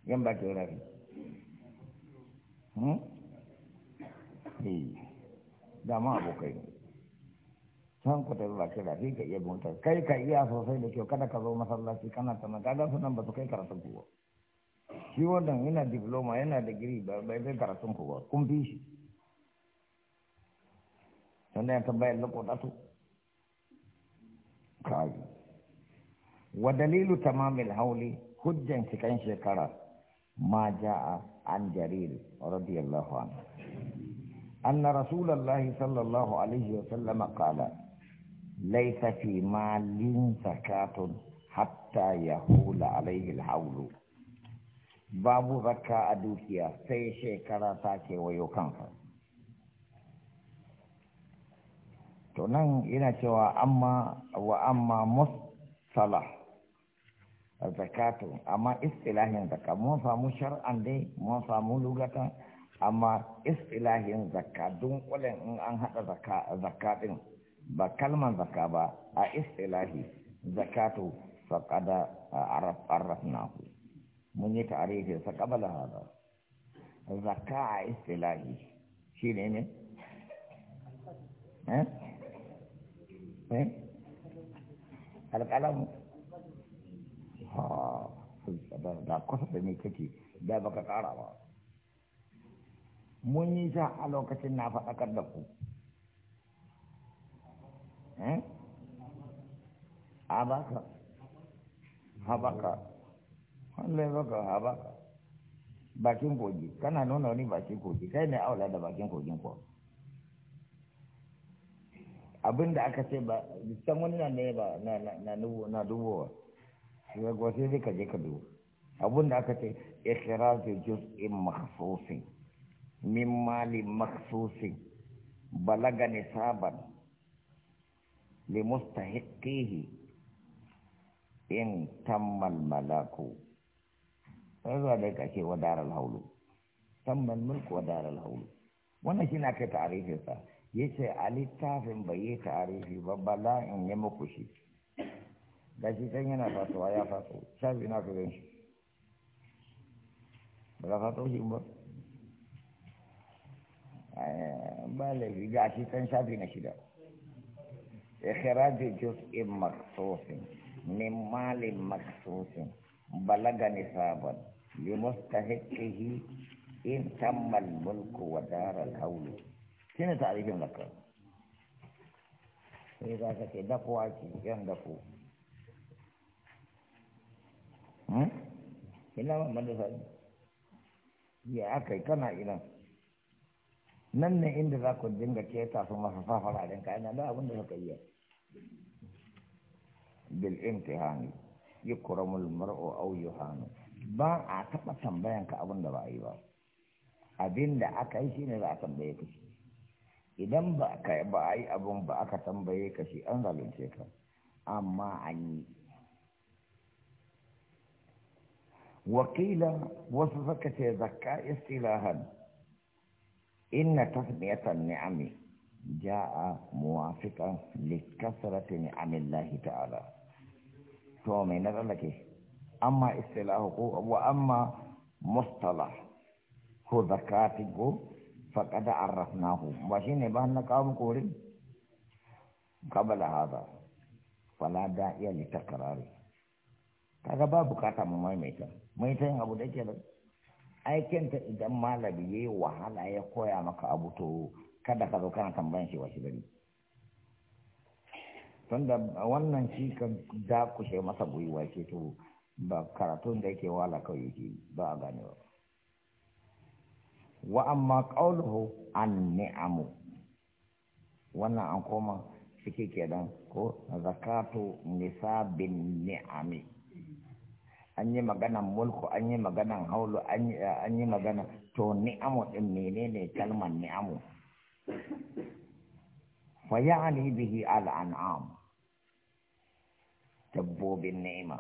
yan ba ke rafi Hmm? Eh, dama abokai ne can ku ta zuwa kira sai ka iya bauta kai ka iya sosai da kyau kada ka zo masallaci kana ta kaga su nan ba su kai karatun ku ba shi wannan yana diploma yana digiri ba bai kai karatun ku ba kun fi shi sannan ya tabbayar da kodatu kai wa dalilu tamamil hauli hujjan cikan shekara ma ja'a عن جرير رضي الله عنه أن رسول الله صلى الله عليه وسلم قال ليس في مال زكاة حتى يهول عليه الحول باب زكاة أدوكيا سيشي sai ويوكانفا ta kewayo kansa أما وأما yana cewa zakatu amma istilahin zakka mun samu shar'an dai mun samu lugatan amma istilahin zakka dunkulen in an haɗa zakka ɗin ba kalman zakka ba a istilahi zakatu faƙada arrafnahu mun yi tarihi sa kabala hada zakka a istilahi shi ne ne? eh? eh? alƙalamu ha da kusa da ni kake da baka kara ba mun yi sa a lokacin na faɗakar da ku a eh? baka habaka wallai baka habaka bakin kogi kana nuna wani bakin kogi kai ne aula da bakin kogin ko abin da aka ce ba can wani na ne ba na dubowa shi ya gwaje zai ka je ka duba abun da aka ce ikhraju juz'in makhsusin min mali makhsusin balaga nisaban li mustahiqihi in tammal malaku zuwa da ka ce wa daral haulu tammal mulku wa daral haulu wannan shi na kai ta'arifin sa yace alitafin littafin bai yi ta'arifi ba bala'in ya muku shi ga shi can yana fasuwa ya faso shafi na kudin shi ba za faso shi ba eh, ba laifi ga shi can shafi na shida ikhraju juz'in maksusin min maksusin balaga nisaban li mustahiqihi in tamma mulku wa dara al-hawlu shine ta'rifin zakka sai za ka ce dakuwa ki yan dakuwa ina ma madrasa ne ya aka kana ina nan ne inda za ku dinga keta su masa safara din ka ina da abin da suka yi bil imtihani yukramul mar'u aw yuhanu ba a taɓa tambayan ka abin da ba a yi ba abin da aka yi shine za a tambaye ka idan ba a yi abin ba aka tambaye ka shi an zalunce ka amma an yi وقيل وصفك زكاء اصطلاحا إن تثنية النعم جاء موافقا لكثرة نعم الله تعالى تومين لك أما استلاه وأما مصطلح هو ذكاتك فقد عرفناه وشين بأن قام قولي قبل هذا فلا داعي لتكراره هذا باب كاتم ما maimaita mai ta yin abu da ke da aikinta idan malami ya yi wahala ya koya maka abu to kada ka zo kana tambayan shi washe gari tunda wannan shi kan dakushe masa gwiwa ce to ba karatun da yake wala kawai yake ba a gane ba, wa amma qawluhu an ni'amu wannan an koma suke kenan ko zakatu nisabin ni'ami an yi maganan mulku an yi maganan haulu an yi maganan to ni'amu din menene kalmar ni'amu fa ya'ni bihi al-an'am dabbobin ni'ima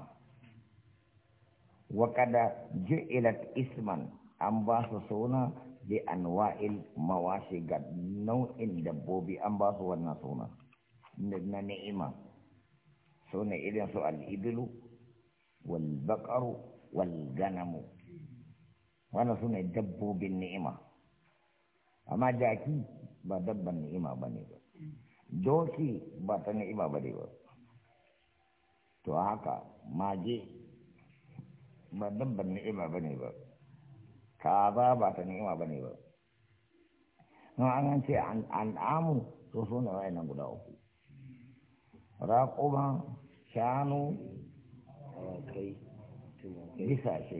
wa kada ju'ilat isman an ba su suna bi anwa'il mawashi ga nau'in dabbobi an ba su wannan suna na ni'ima sune irin su al والبقر والغنم wannan su ne dabbobin ni'ima amma jaki ba dabban ni'ima ba ne ba doki ba ta ni'ima ba ne ba to haka mage ba dabban ni'ima ba ne ba kaza ba ta ni'ima ba ne ba an ce al'amu to su ne wa'annan guda uku raƙuma shanu tumakai bisashe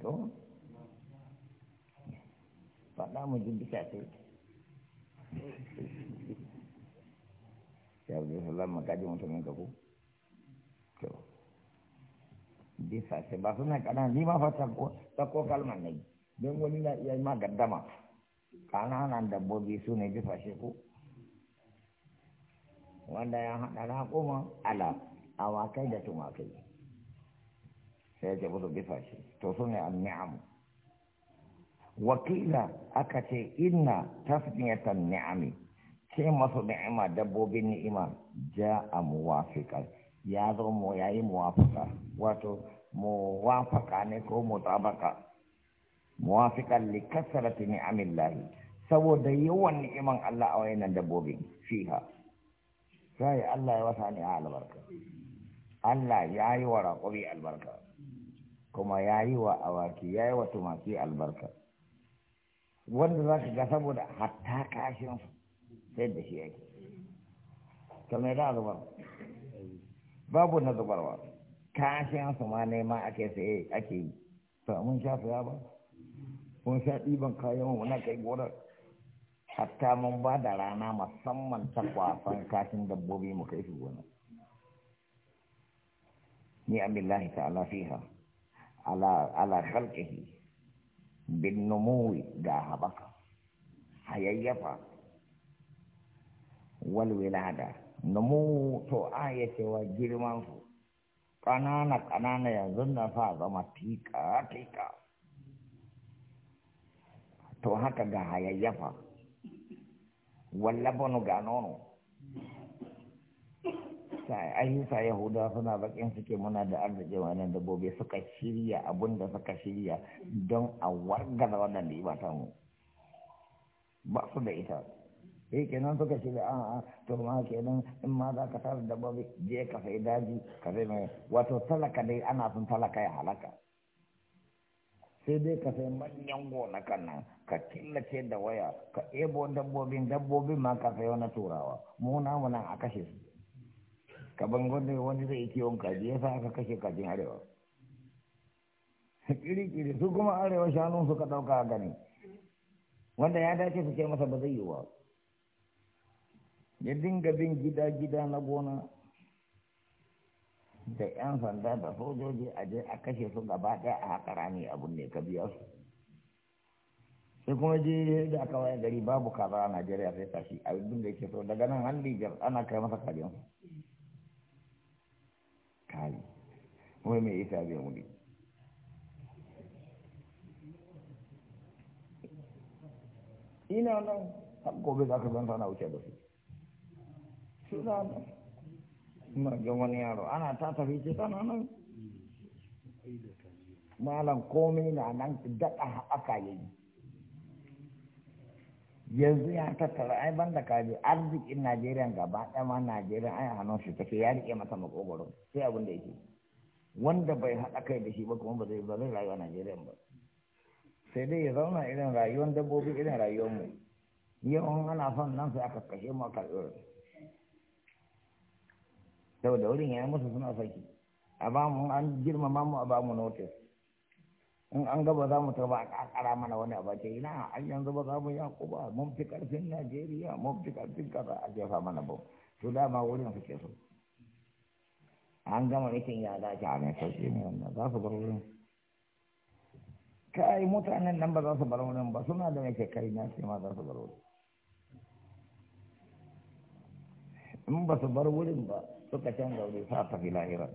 to faɗa mu ji ya ku to ba suna kana ni ma fa ta ko ne don wani na iya ma gaddama kananan dabbobi su ne wanda ya haɗa raƙuma ala awakai da tumakai sai ya budu bisa shi to su ne ni'am? wakila aka ce inna tasmiyatan ni'ami ce masu ni'ima dabbobin ni'ima Ja a muwafiƙar. ya zo mu yayi muwafaka wato wafaka ne ko mutabaka muwafiqan li kasrati ni'amillahi saboda yawan ni'iman Allah a wayannan dabbobin fiha sai Allah ya wasa ni a albarka Allah ya yi wa raƙuri albarka kuma ya yi wa awaki ya yi wa tumaki albarka wanda za ka ga saboda hatta kashin sai da shi yake Kame da zubar babu na zubarwa kashin su ma nema ake saye ake yi to mun sha saya ba mun sha ɗiban kayan wani kai gonar hatta mun ba da rana musamman ta kwasan kashin dabbobi mu kai su gona. نعم الله تعالى فيها على على خلقه بالنمو بقى حييفا والولادة نمو تو آية منفو قنانا قنانا يظن فاظم تيكا تيكا تو هكذا يفا واللبن قانونو ayyuka yahuda suna bakin suke muna da arzikin wannan dabbobi suka shirya abun da suka shirya don a wargaza wannan da ta mu ba su da ita sai kenan suka shirya a a to ma kenan in ma za ka tara dabbobi je ka sai daji ka zai mai wato talaka dai ana son talaka ya halaka sai dai ka sai manyan gonakan nan ka killace da waya ka ebo dabbobin dabbobin ma ka sai wani turawa mu namu nan a kashe su Ka bangon ne wani zai kiwon kaji ya sa aka kashe kajin arewa kiri-kiri su kuma arewa shanun suka ɗauka a gani wanda ya dace su ce masa ba zai yi wa ya dinga bin gida-gida na gona da 'yan sanda da sojoji a je a kashe su gaba ɗaya a haka rami a ne ka biya su sai kuma je da aka waye gari babu kaza a najeriya sai tashi abin da yake so daga nan har nijar ana kai masa kajin kai wai mai isa zai wuri ina nan gobe za ka zanta na wuce da su suna nan ga wani yaro ana ta tafi ce tana nan malam komai na nan daɗa aka yi yanzu ya tattara ai ban da kaji arzikin najeriya gaba ɗaya ma najeriya ai hannun shi take ya rike masa makogoro sai abin da yake wanda bai haɗa kai da shi ba kuma ba zai ba zai rayuwa najeriya ba sai dai ya zauna irin rayuwar dabbobi irin rayuwar mu yawan ana son nan sai aka kashe mu aka ɗora saboda wurin ya musu suna saki a ba an girmama mu a bamu mu notice in an gaba za mu tarba a ƙara mana wani abu ce ina an yanzu ba za mu yi ba mun fi ƙarfin najeriya mun fi ƙarfin ƙasa a jefa mana ba su dama wurin suke so an gama rikin ya dace a mai sauƙi ne wannan za su bar wurin kai mutanen nan ba za su bar wurin ba suna da mai kai na ce ma za su bar wurin in ba su bar wurin ba suka canza wuri sa tafi lahirar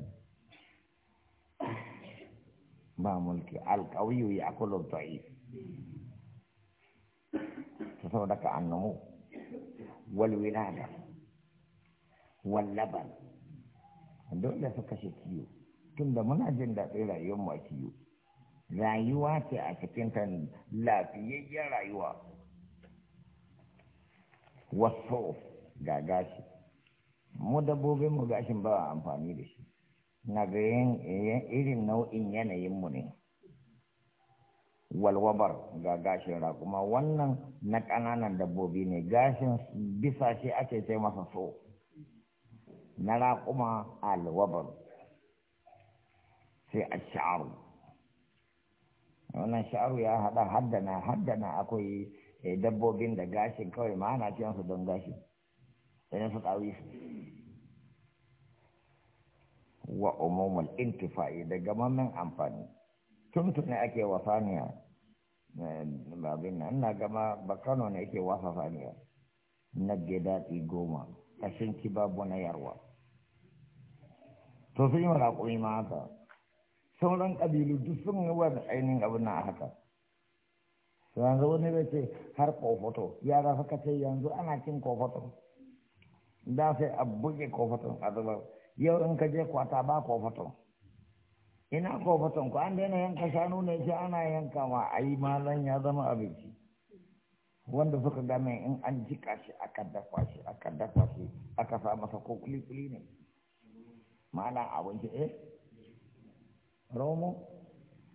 ba mulki alkawiyu ya kulun ta'i ta sau daga annamu walwilada wallaban dole su kashe kiyo tunda muna jin daɗi rayuwar ma kiyo rayuwa ce a cikin ta lafiyayyen rayuwa wasu ga gashi mu dabbobin mu gashin ba amfani da shi na ga irin nau'in yanayinmu ne walwabar ga gashin raƙuma wannan na ƙananan dabbobi ne gashin bisa shi ake ce masa so na raƙuma alwabar sai a sha'aru wannan sha'aru ya haɗa haddana haddana akwai eh, dabbobin da gashin kawai ma ana don gashin idan su wa umumul intifa'i da gamamin amfani ne ake wa saniya babin eh, nan na gama bakano ne ake wasa saniya na daɗi goma kashin babu na yarwa to sun yi raƙumi ma haka sauran kabilu duk sun yi wani ainihin abin na haka yanzu wani zai ce har kofoto yara suka ce yanzu ana cin kofoto da sai a buge kofoton a zubar yau in ka je kwata ba kofaton ina kofaton ku an daina yanka shanu ne sai ana yanka ma a yi malan ya zama abinci wanda suka game in an jika shi aka dafa shi aka dafa shi aka sa masa ko kulikuli ne mana abinci eh romo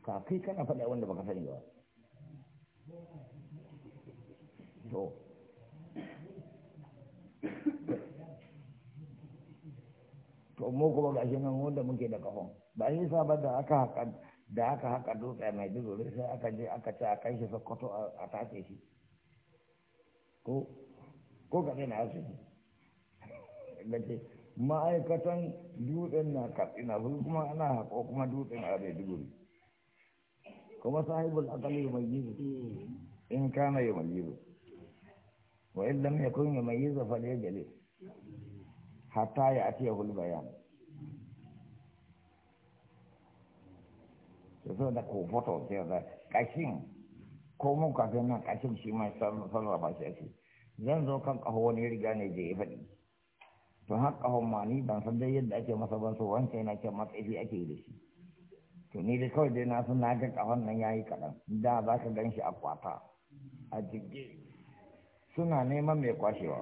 ka kai kana faɗa wanda baka sani ba to mu kuma ga shi nan wanda muke da kafan ba shi sa ba da aka haka da aka haka dutse mai dubure sai aka je aka ci a kai shi sokoto a tace shi ko ko ka na asibiti ce ma'aikatan dutsen na na su kuma ana haƙo kuma dutsen a mai dubure kuma sahibul akali mai yizu hmm. in kana yi mai yizu wa illam yakun mai yizu fa ne jale hatta ya atiya hulbayan da zo da ko foto sai da kashin ko mun kafin nan kashin shi mai sarrafa shi ake zan zo kan kaho wani riga ne je ya faɗi to har kahon ma ni ban san dai yadda ake masa ban so wancan yana ce matsayi ake da shi to ni da kawai dai na san na ga kahon nan yayi kaɗan da za ka gan shi a kwata a jirgi suna neman mai kwashewa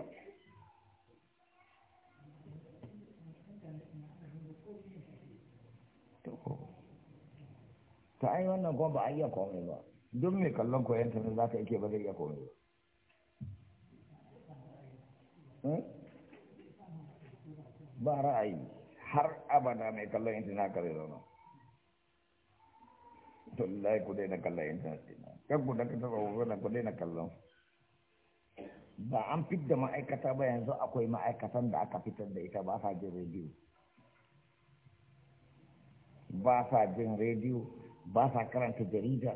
ta ai wannan kuma ba a iya komai ba duk mai kallon koyon ta za ka ike ba zai iya komai ba hmm? ba ra'ayi har abada mai kallon intanet ka zai zauna wallahi ku daina kallon intanet ɗina kan ku da taba taɓa na ku daina kallon ba an fit da ma'aikata ba yanzu akwai ma'aikatan da aka fitar da ita ba sa jin rediyo ba sa jin rediyo ba sa karanta jarida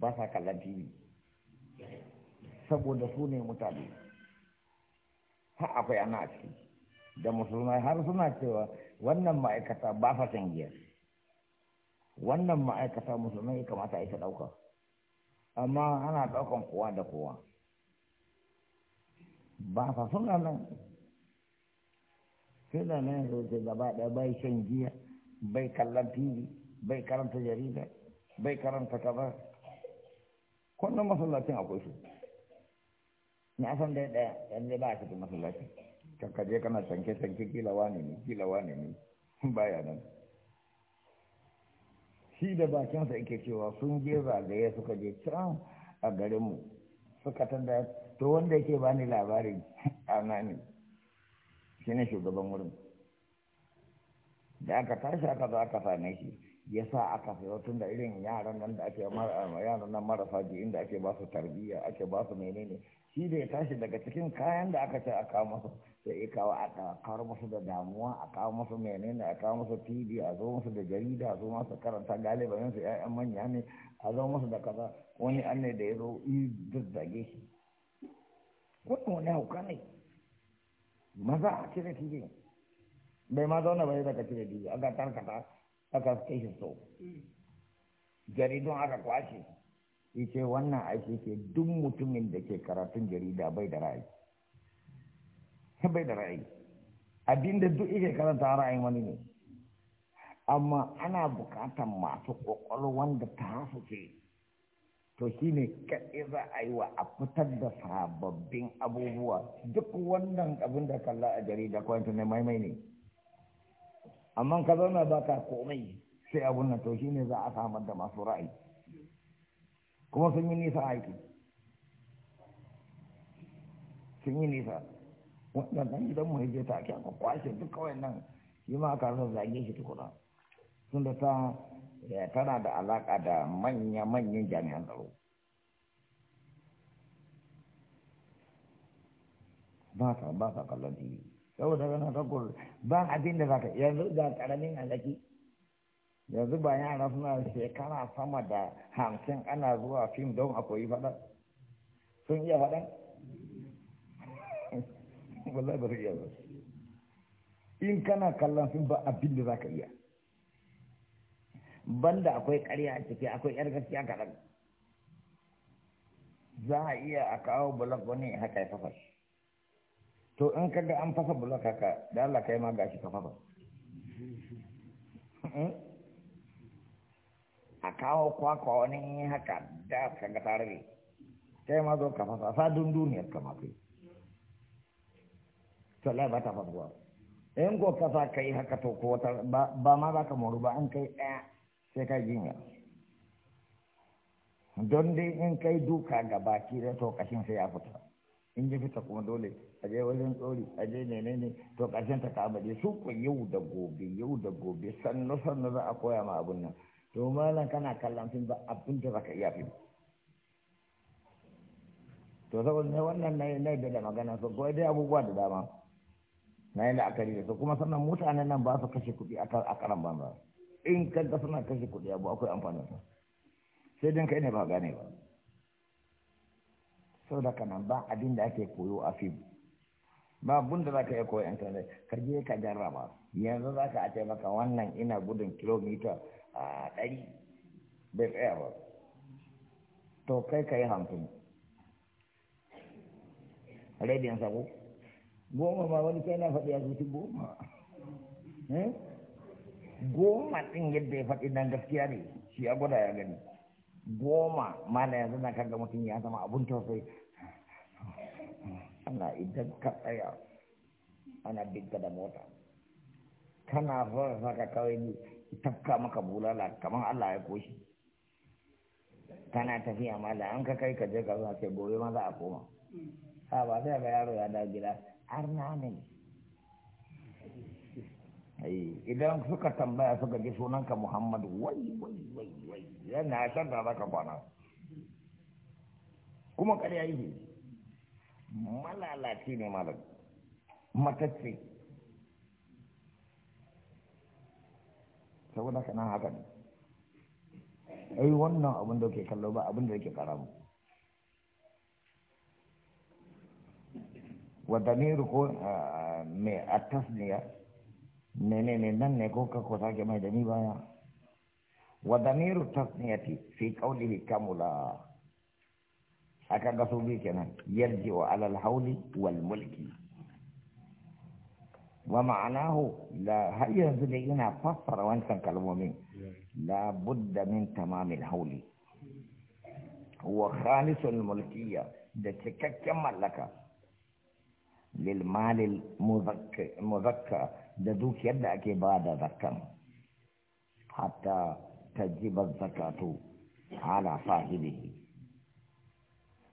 ba sa kallon tv saboda su ne mutane ha akwai ana ciki da musulmai har suna cewa wannan ma'aikata ba sa san giya wannan ma'aikata musulmai ya kamata a yi ta amma ana ɗaukan kowa da kowa ba sa suna nan sai da nan yanzu gaba ɗaya bai shan giya bai kallon tv bai karanta jarida bai karanta ba kwanan masallacin akwai su na san dai daya yan ne ba a cikin masallaci. kan kaje kana canke-canke kila wane ne kila wane ne baya nan shi da bakinsa yake cewa sun je zagaye suka je can a garinmu suka tanda to wanda yake ba ni labarin A nani shi ne shugaban wurin da aka tashi aka zo aka same shi ya sa aka fi tun da irin yaran nan da ake eh, yaran nan marasa ji inda ake ba su tarbiyya ake ba su menene shi da ya tashi daga cikin kayan da aka ce a kawo masu sai ya kawo a kawo masu da damuwa a kawo masu menene a kawo masu tv a zo masu da jarida a zo masu karanta galiban su ƴaƴan manya ne a zo masu da kaza wani an ne da ya zo yi zazzage shi wannan wani hauka ne maza a cire tv bai ma zauna bai daga cire tv ga tarkata aka kai shi so jaridun aka kwashe shi ce wannan aiki ke duk mutumin da ke karatun jarida bai da ra'ayi bai da ra'ayi abinda duk ike karanta ra'ayin wani ne amma ana bukatan masu kwakwalwan wanda ta hasu ce to shi ne kaɗe za a yi wa a fitar da sababbin abubuwa duk wannan abin da kalla a jarida ko ne maimai ne amma ka zauna ba ka komai sai abun nan to shine za a samar da masu ra'ayi kuma sun yi nisa aiki sun yi nisa wannan gidan mu ta ake aka kwashe duk kawai nan yi ma aka rasa zage shi tukuna sun da ta eh, tana da alaƙa da manya-manyan jami'an tsaro ba ta ba kallon tv saboda kana na gobe ban abin da zaka yanzu ga karamin alaki yanzu ba yara suna shekara sama da hamsin ana zuwa fim don a koyi faɗa sun iya faɗa wallahi ba su iya in kana kallon fim ba abin da zaka iya banda akwai ƙarya a ciki akwai yar gaskiya kaɗan za a iya a kawo bulak wani haka ya fafashi to in ga an fasa bulon kaka da Allah kai ma gashi ka fasa hmm? a kawo kwakwa wani haka da ga tare kai ma zo ka fasa fa dun duniya ka ma kai to lai ba ta fasuwa in ko kasa kai haka to ko wata ba ma za ka moru ba an kai daya sai ka jinya don dai in kai duka ga baki da to kashin sai ya fita in ji fita kuma dole a je wajen tsori a je ne to ƙarshen ta kama je su ko yau da gobe yau da gobe sannu sannu za a koya ma abun nan to malam kana kallon fim ba abin da baka iya fim to saboda ne wannan na yi da magana so ko dai abubuwa da dama na yi la'akari da su kuma sannan mutanen nan ba su kashe kuɗi a karan banza in kanka suna kashe kuɗi abu akwai amfanin sa sai dan kai ne ba gane ba sau da kanan ba abin da ake koyo a fim ba abin da za ka yi koya intanet ka je ka jarraba yanzu za ka ce maka wannan ina gudun kilomita a ɗari bai tsaya ba to kai ka yi hamsin rabin sako goma ma wani kai na faɗi ya zuci goma eh? goma ɗin yadda ya faɗi nan gaskiya ne shi ya gwada ya gani goma mana yanzu na kaga mutum ya zama abun tausayi ana idan ka tsaya ana binka da mota kana zuwa ka kawai tafka maka bulala kamar Allah ya koshi kana tafiya mala an ka kai ka je ka zuwa sai gobe ma za a koma a ba sai ga yaro ya da gida har na ne Eh, idan suka tambaya suka ji sunanka Muhammad wai wai wai wai yana san da zaka kwana kuma ƙarya yake malalaci ne malam matacce saboda kana haka ne ai eh, wannan abin da ke kallo ba abin da yake karamu wa damiru ko eh, mai atasniya نننن نن نكوكا كوتاكي ما يدني بايا ودمير التثنيتي في قوله كاملا هكذا صوبي كنا يرجع على الحول والملك ومعناه لا هل ينزلينا فصر وانسان كالمومين لا بد من تمام الحول هو خالص الملكية للمال المذكر da dukiyar da ake ba da zakkan hatta ta jiba zakatu ala sahibihi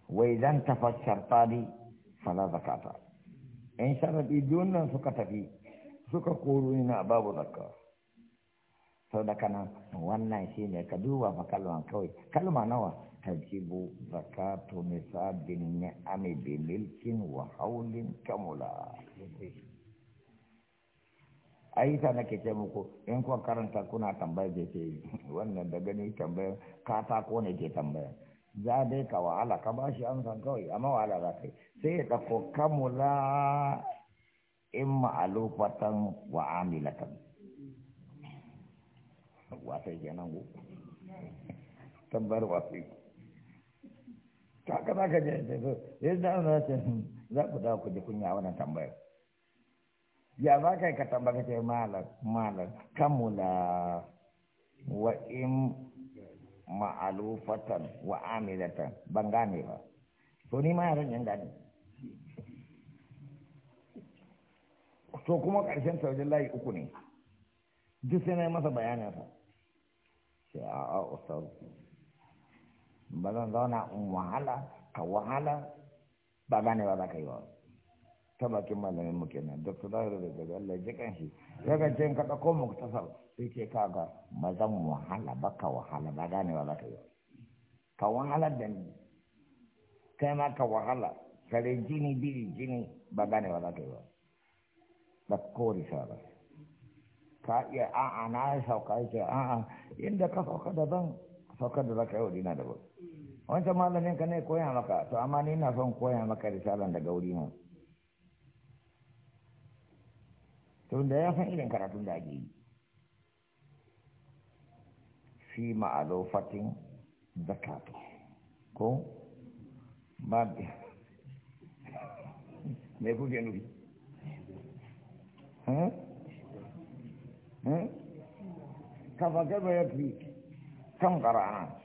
Wai zan tafasar tadi fara zakata in sharadi dunnan suka tafi suka koro na babu zakka sau da kana wannan shine ka duba fa kalman kawai kalma nawa Ta jibu zakatu nisabin ni'ami bi milkin wa haulin kamula ayyuka nake ce muku in kuwa karanta kuna tambaya ke yi wannan da gani tambaya katako ne ke tambaya za dai ka wahala ka bashi an san kawai amma wahala za ka yi sai ya ɗauko kamula in ma'alufatan wa amilatan wata nan ku tambar wasu ta ka za ka je da za yadda an za ku da ku ji kunya wannan tambayar ya za ka yi ka tambaka ce malar kamula wa in ma'alufatan wa amilatan ban gane ba to ni ma yaran yan gane to kuma ƙarshen saujin layi uku ne duk sai na yi masa bayaninsa sai a a ustaz ba zan zauna in wahala ka wahala ba gane ba za ka yi wa ta bakin malamin mu kenan dr zahir da gaza Allah ji kan shi daga jin ka ko mu ta sa sai ke ga? ba zan wahala ba ka wahala ba gane ba za ka yi ka wahala da ni kai ma ka wahala kare jini biri jini ba gane ba za ka yi ba ba kori sa ba ka iya a'a na sauka yake a'a inda ka sauka daban sauka da za ka yi wa dina daban wancan malamin ka ne koya maka to amma ni na son koya maka risalan daga wuri na tun da ya san irin karatun da ake yi fi ma'alofatin zakatu ko ba me kuke nufi kafa kafa ya fi kan ƙara'ana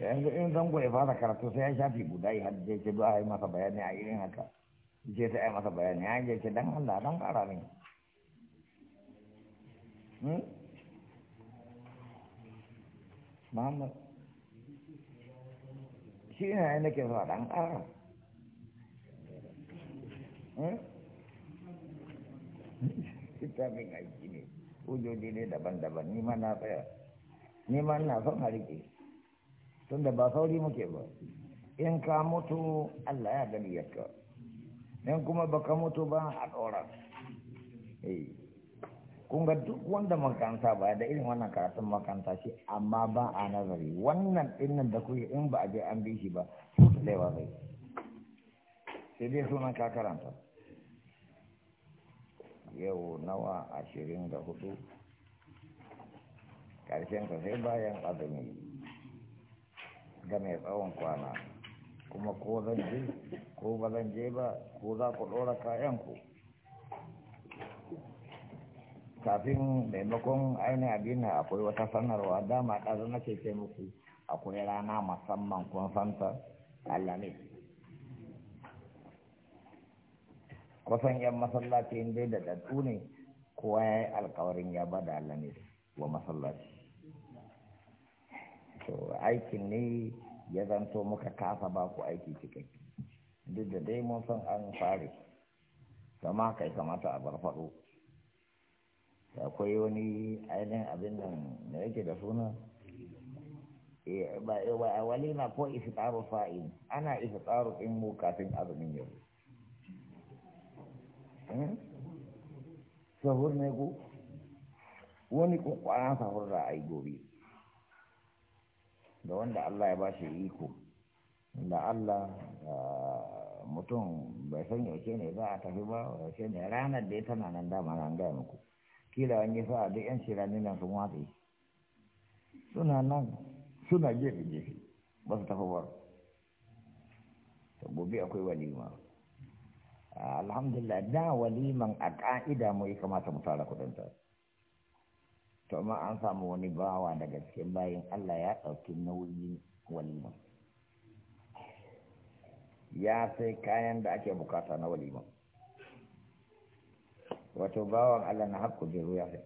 yanzu in zango ya fara karatu sai ya shafi guda ya hajjace ba a yi masa bayani a irin haka je ta yi masa bayani ya je ce dan Allah dan kara min hmm? Muhammad shi ne nake fa dan kara hmm? kita min aiki ne hujjoji daban-daban ni ma na ya ni ma na son a rike tunda ba sauri muke ba in ka mutu Allah ya gani yakka nan kuma baka mutu ba a ɗora eh. kunga duk wanda makaranta ba da irin wannan karatun makaranta shi amma ba a nazari wannan dinnan da kuke in ba a je an bi shi ba laiwa zai sai dai sunan ka karanta yau nawa ashirin da hudu ƙarshen ka sai bayan azumi ga tsawon kwana kuma ko zan je ko ba zan je ba ko za ku ɗora kayanku kafin maimakon ainihin abin akwai wata sanarwa dama ƙasa nake ce muku akwai rana musamman kun santa alamis kusan yan masallaci inda da ɗaɗɗu ne kowa ya alkawarin ya ba da ne wa masallaci to aikin ne ya zanto muka kafa ba ku aiki cikakke duk da dai mun san an fare sama kai kamata a bar faɗo akwai wani ainihin abin nan da yake da suna eh, ba walima ko tsaro fa'in ana tsaro in mu kafin azumin yau eh? sahur ne ku wani kwakwaran sahur da a yi gobe da wanda Allah ya bashi iko da Allah ah, mutum bai san yaushe ne za a tafi ba yaushe ne ranar da ya tana nan dama na gaya muku kila wani sa'a duk yan shirani nan sun watsi suna nan suna gefe gefe ba su tafi ba gobe akwai walima ah, alhamdulillah da waliman a ka'ida mu ya kamata mu tara kudin ta to ma an samu wani bawa daga cikin bayan Allah ya ɗauki nauyin walima ya sai kayan da ake bukata na walima wato bawan Allah na haƙƙo ya sai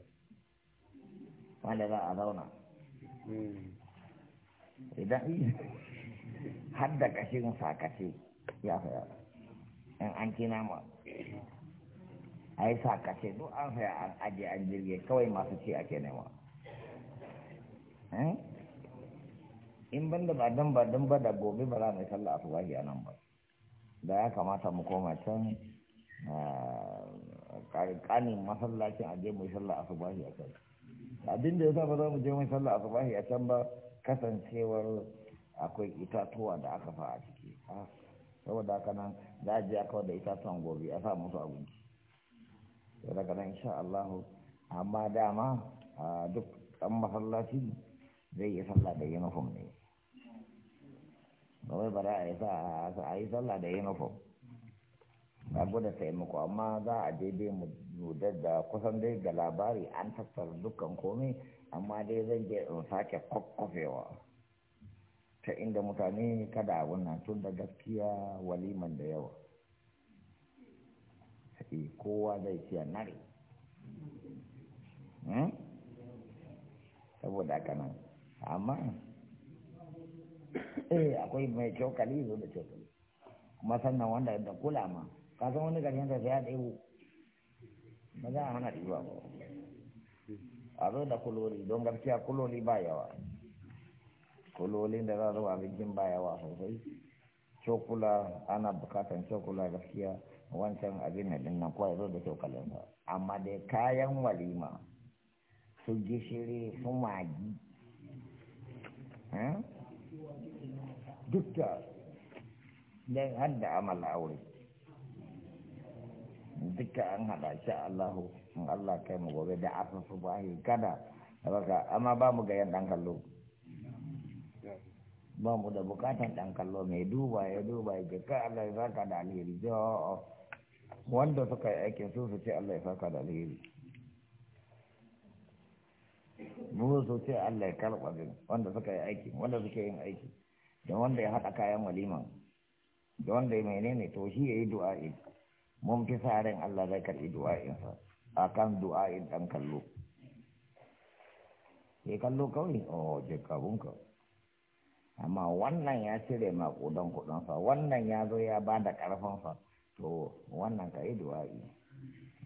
wanda za a zauna idan har da kashin sakace ya sai in an kina ma a yi sa kashe duk an haya an aje an jirge kawai masu ce ake nema eh? in ban da ba dan ba dan ba da gobe ba za mu sallah asubahi a nan ba da ya kamata mu koma can kani eh, masallacin a je mu sallah asubahi a can abin da yasa ba za mu je mu sallah asubahi a can ba kasancewar akwai itatuwa da aka fa a ciki ah, saboda haka nan za a je a kawar da itatuwan gobe a sa musu abinci daga nan insha Allah amma dama duk ɗan masallaci zai yi sallah da uniform ne kawai ba za a yi sa a yi sallah da uniform ba gwada taimako amma za a daidai mu da kusan dai ga labari an tattara dukkan komai amma dai zan je in sake kwakkofewa ta inda mutane kada a wannan tun da gaskiya waliman da yawa eh kowa zai siya nare hmm? saboda haka nan amma eh akwai mai cokali zo da cokali kuma sannan wanda da kula ma ka san wani garin da sai ya ɗebo ba za a hana riba ba a zo da kuloli don gaskiya kuloli ba yawa kulolin da za a zuba abincin ba yawa sosai cokula ana bukatan cokula gaskiya wancan abin din nan ko zo da sa amma da kayan walima su gishiri su magi eh, duk da hadda amal aure duka an hada shi Allahu in Allah kai mu gobe da asusu bahi kada amma ba mu ga yan dan kallo ba mu da bukatan dan kallo mai duba ya duba ya jika Allah ya saka da alheri jo wanda suka yi aikin su su ce Allah ya saka da alheri mu su ce Allah ya karba din wanda suka yi aiki wanda suke yin aiki da wanda ya haɗa kayan waliman da wanda ya menene to shi ya yi du'a'in mun fi sa ran Allah zai karɓi du'a'insa a kan du'a'in dan kallo ya kallo kawai o oh, kawai amma wannan ya cire ma maƙudan sa wannan ya zo ya ba da ƙarfinsa to wannan ka yi du'a'i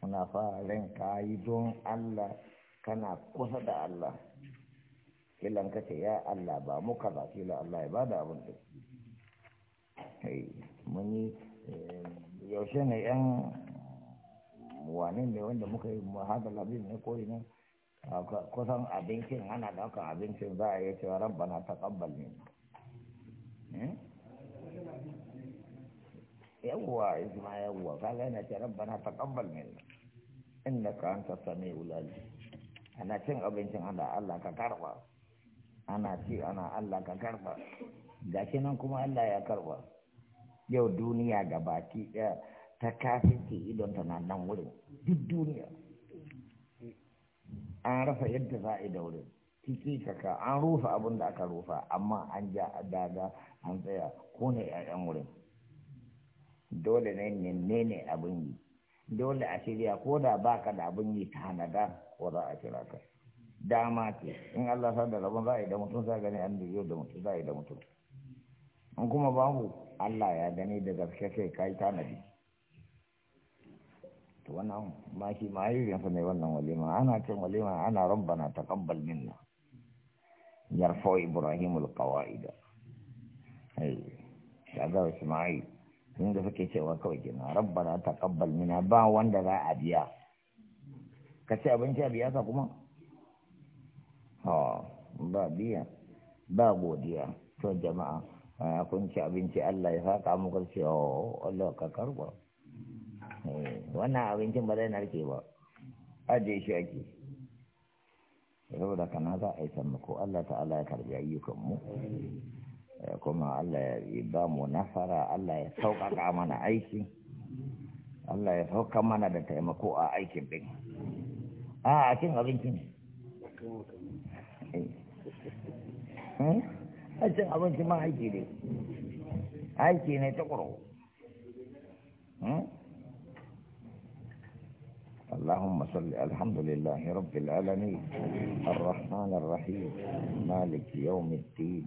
muna farin ka yi don Allah kana kusa da Allah kilan ka ce ya Allah ba mu za kila Allah ya ba da abin da yi eh, yaushe ne yan wani ne wanda muka yi muhada labin ne ko ina kusan abincin ana daukan abincin za a yi cewa bana taqabbal ne Hmm? yawwa izma yawwa kaga yana ce rabbana taqabbal minna innaka anta samiul alim ana cin abincin ana Allah ka karba ana ci ana Allah ka karba gashi nan kuma Allah ya karba yau duniya ga baki ɗaya ta ce idon ta na nan wurin duk duniya an rasa yadda za a yi da wurin ciki shaka an rufa abin da aka rufa amma an ja a daga an tsaya ko ne 'ya'yan wurin dole ne ne ne abin yi dole a shirya ko da ba ka da abin yi ta hanada ko za a kira ka dama ce in Allah sa da rabon za a yi da mutum sa gani an biyo da mutum za a yi da mutum in kuma babu Allah ya gani da gaske kai ka yi tanadi to wannan ma shi ma yi yansa ne wannan walima ana cin walima ana rabbana taqabbal minna yarfo ibrahimul qawaida Eh, shagar Ismail sun da suke cewa kawai gina ta kabbal mina ba wanda za a biya ka ce abinci a biya ka kuma ha ba biya ba godiya to jama'a eh, kun ci abinci Allah ya saka muku o oh, Allah ka karba eh, wannan abincin ba zai narke ba aje shi ake saboda kana za a yi sammako Allah ta'ala ya karbi ayyukan mu Eh, kuma Allah ya ba mu nasara Allah ya sauƙaƙa mana aiki Allah ya sauƙa mana da taimako a aikin bin a a cin ne eh, eh, a cin abinci ma aiki ne aiki ne ta ƙuro hmm? اللهم صل الحمد لله رب العالمين الرحمن الرحيم مالك يوم الدين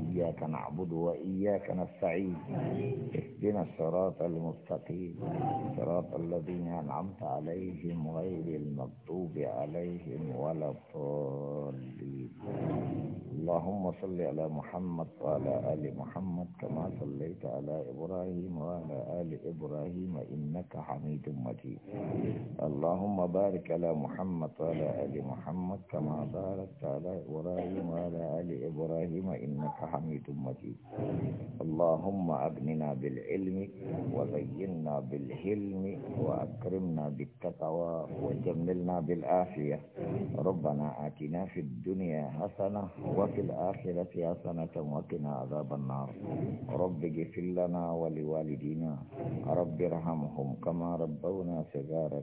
إياك نعبد وإياك نستعين اهدنا الصراط المستقيم صراط الذين أنعمت عليهم غير المغضوب عليهم ولا الضالين اللهم صل على محمد وعلى آل محمد كما صليت على إبراهيم وعلى آل إبراهيم إنك حميد مجيد الله اللهم بارك على محمد وعلى آل محمد كما باركت على إبراهيم وعلى آل إبراهيم إنك حميد مجيد اللهم ابننا بالعلم وزينا بالحلم وأكرمنا بالتقوى وجملنا بالعافية ربنا آتنا في الدنيا حسنة وفي الآخرة حسنة وقنا عذاب النار رب اغفر لنا ولوالدينا رب ارحمهم كما ربونا صغارا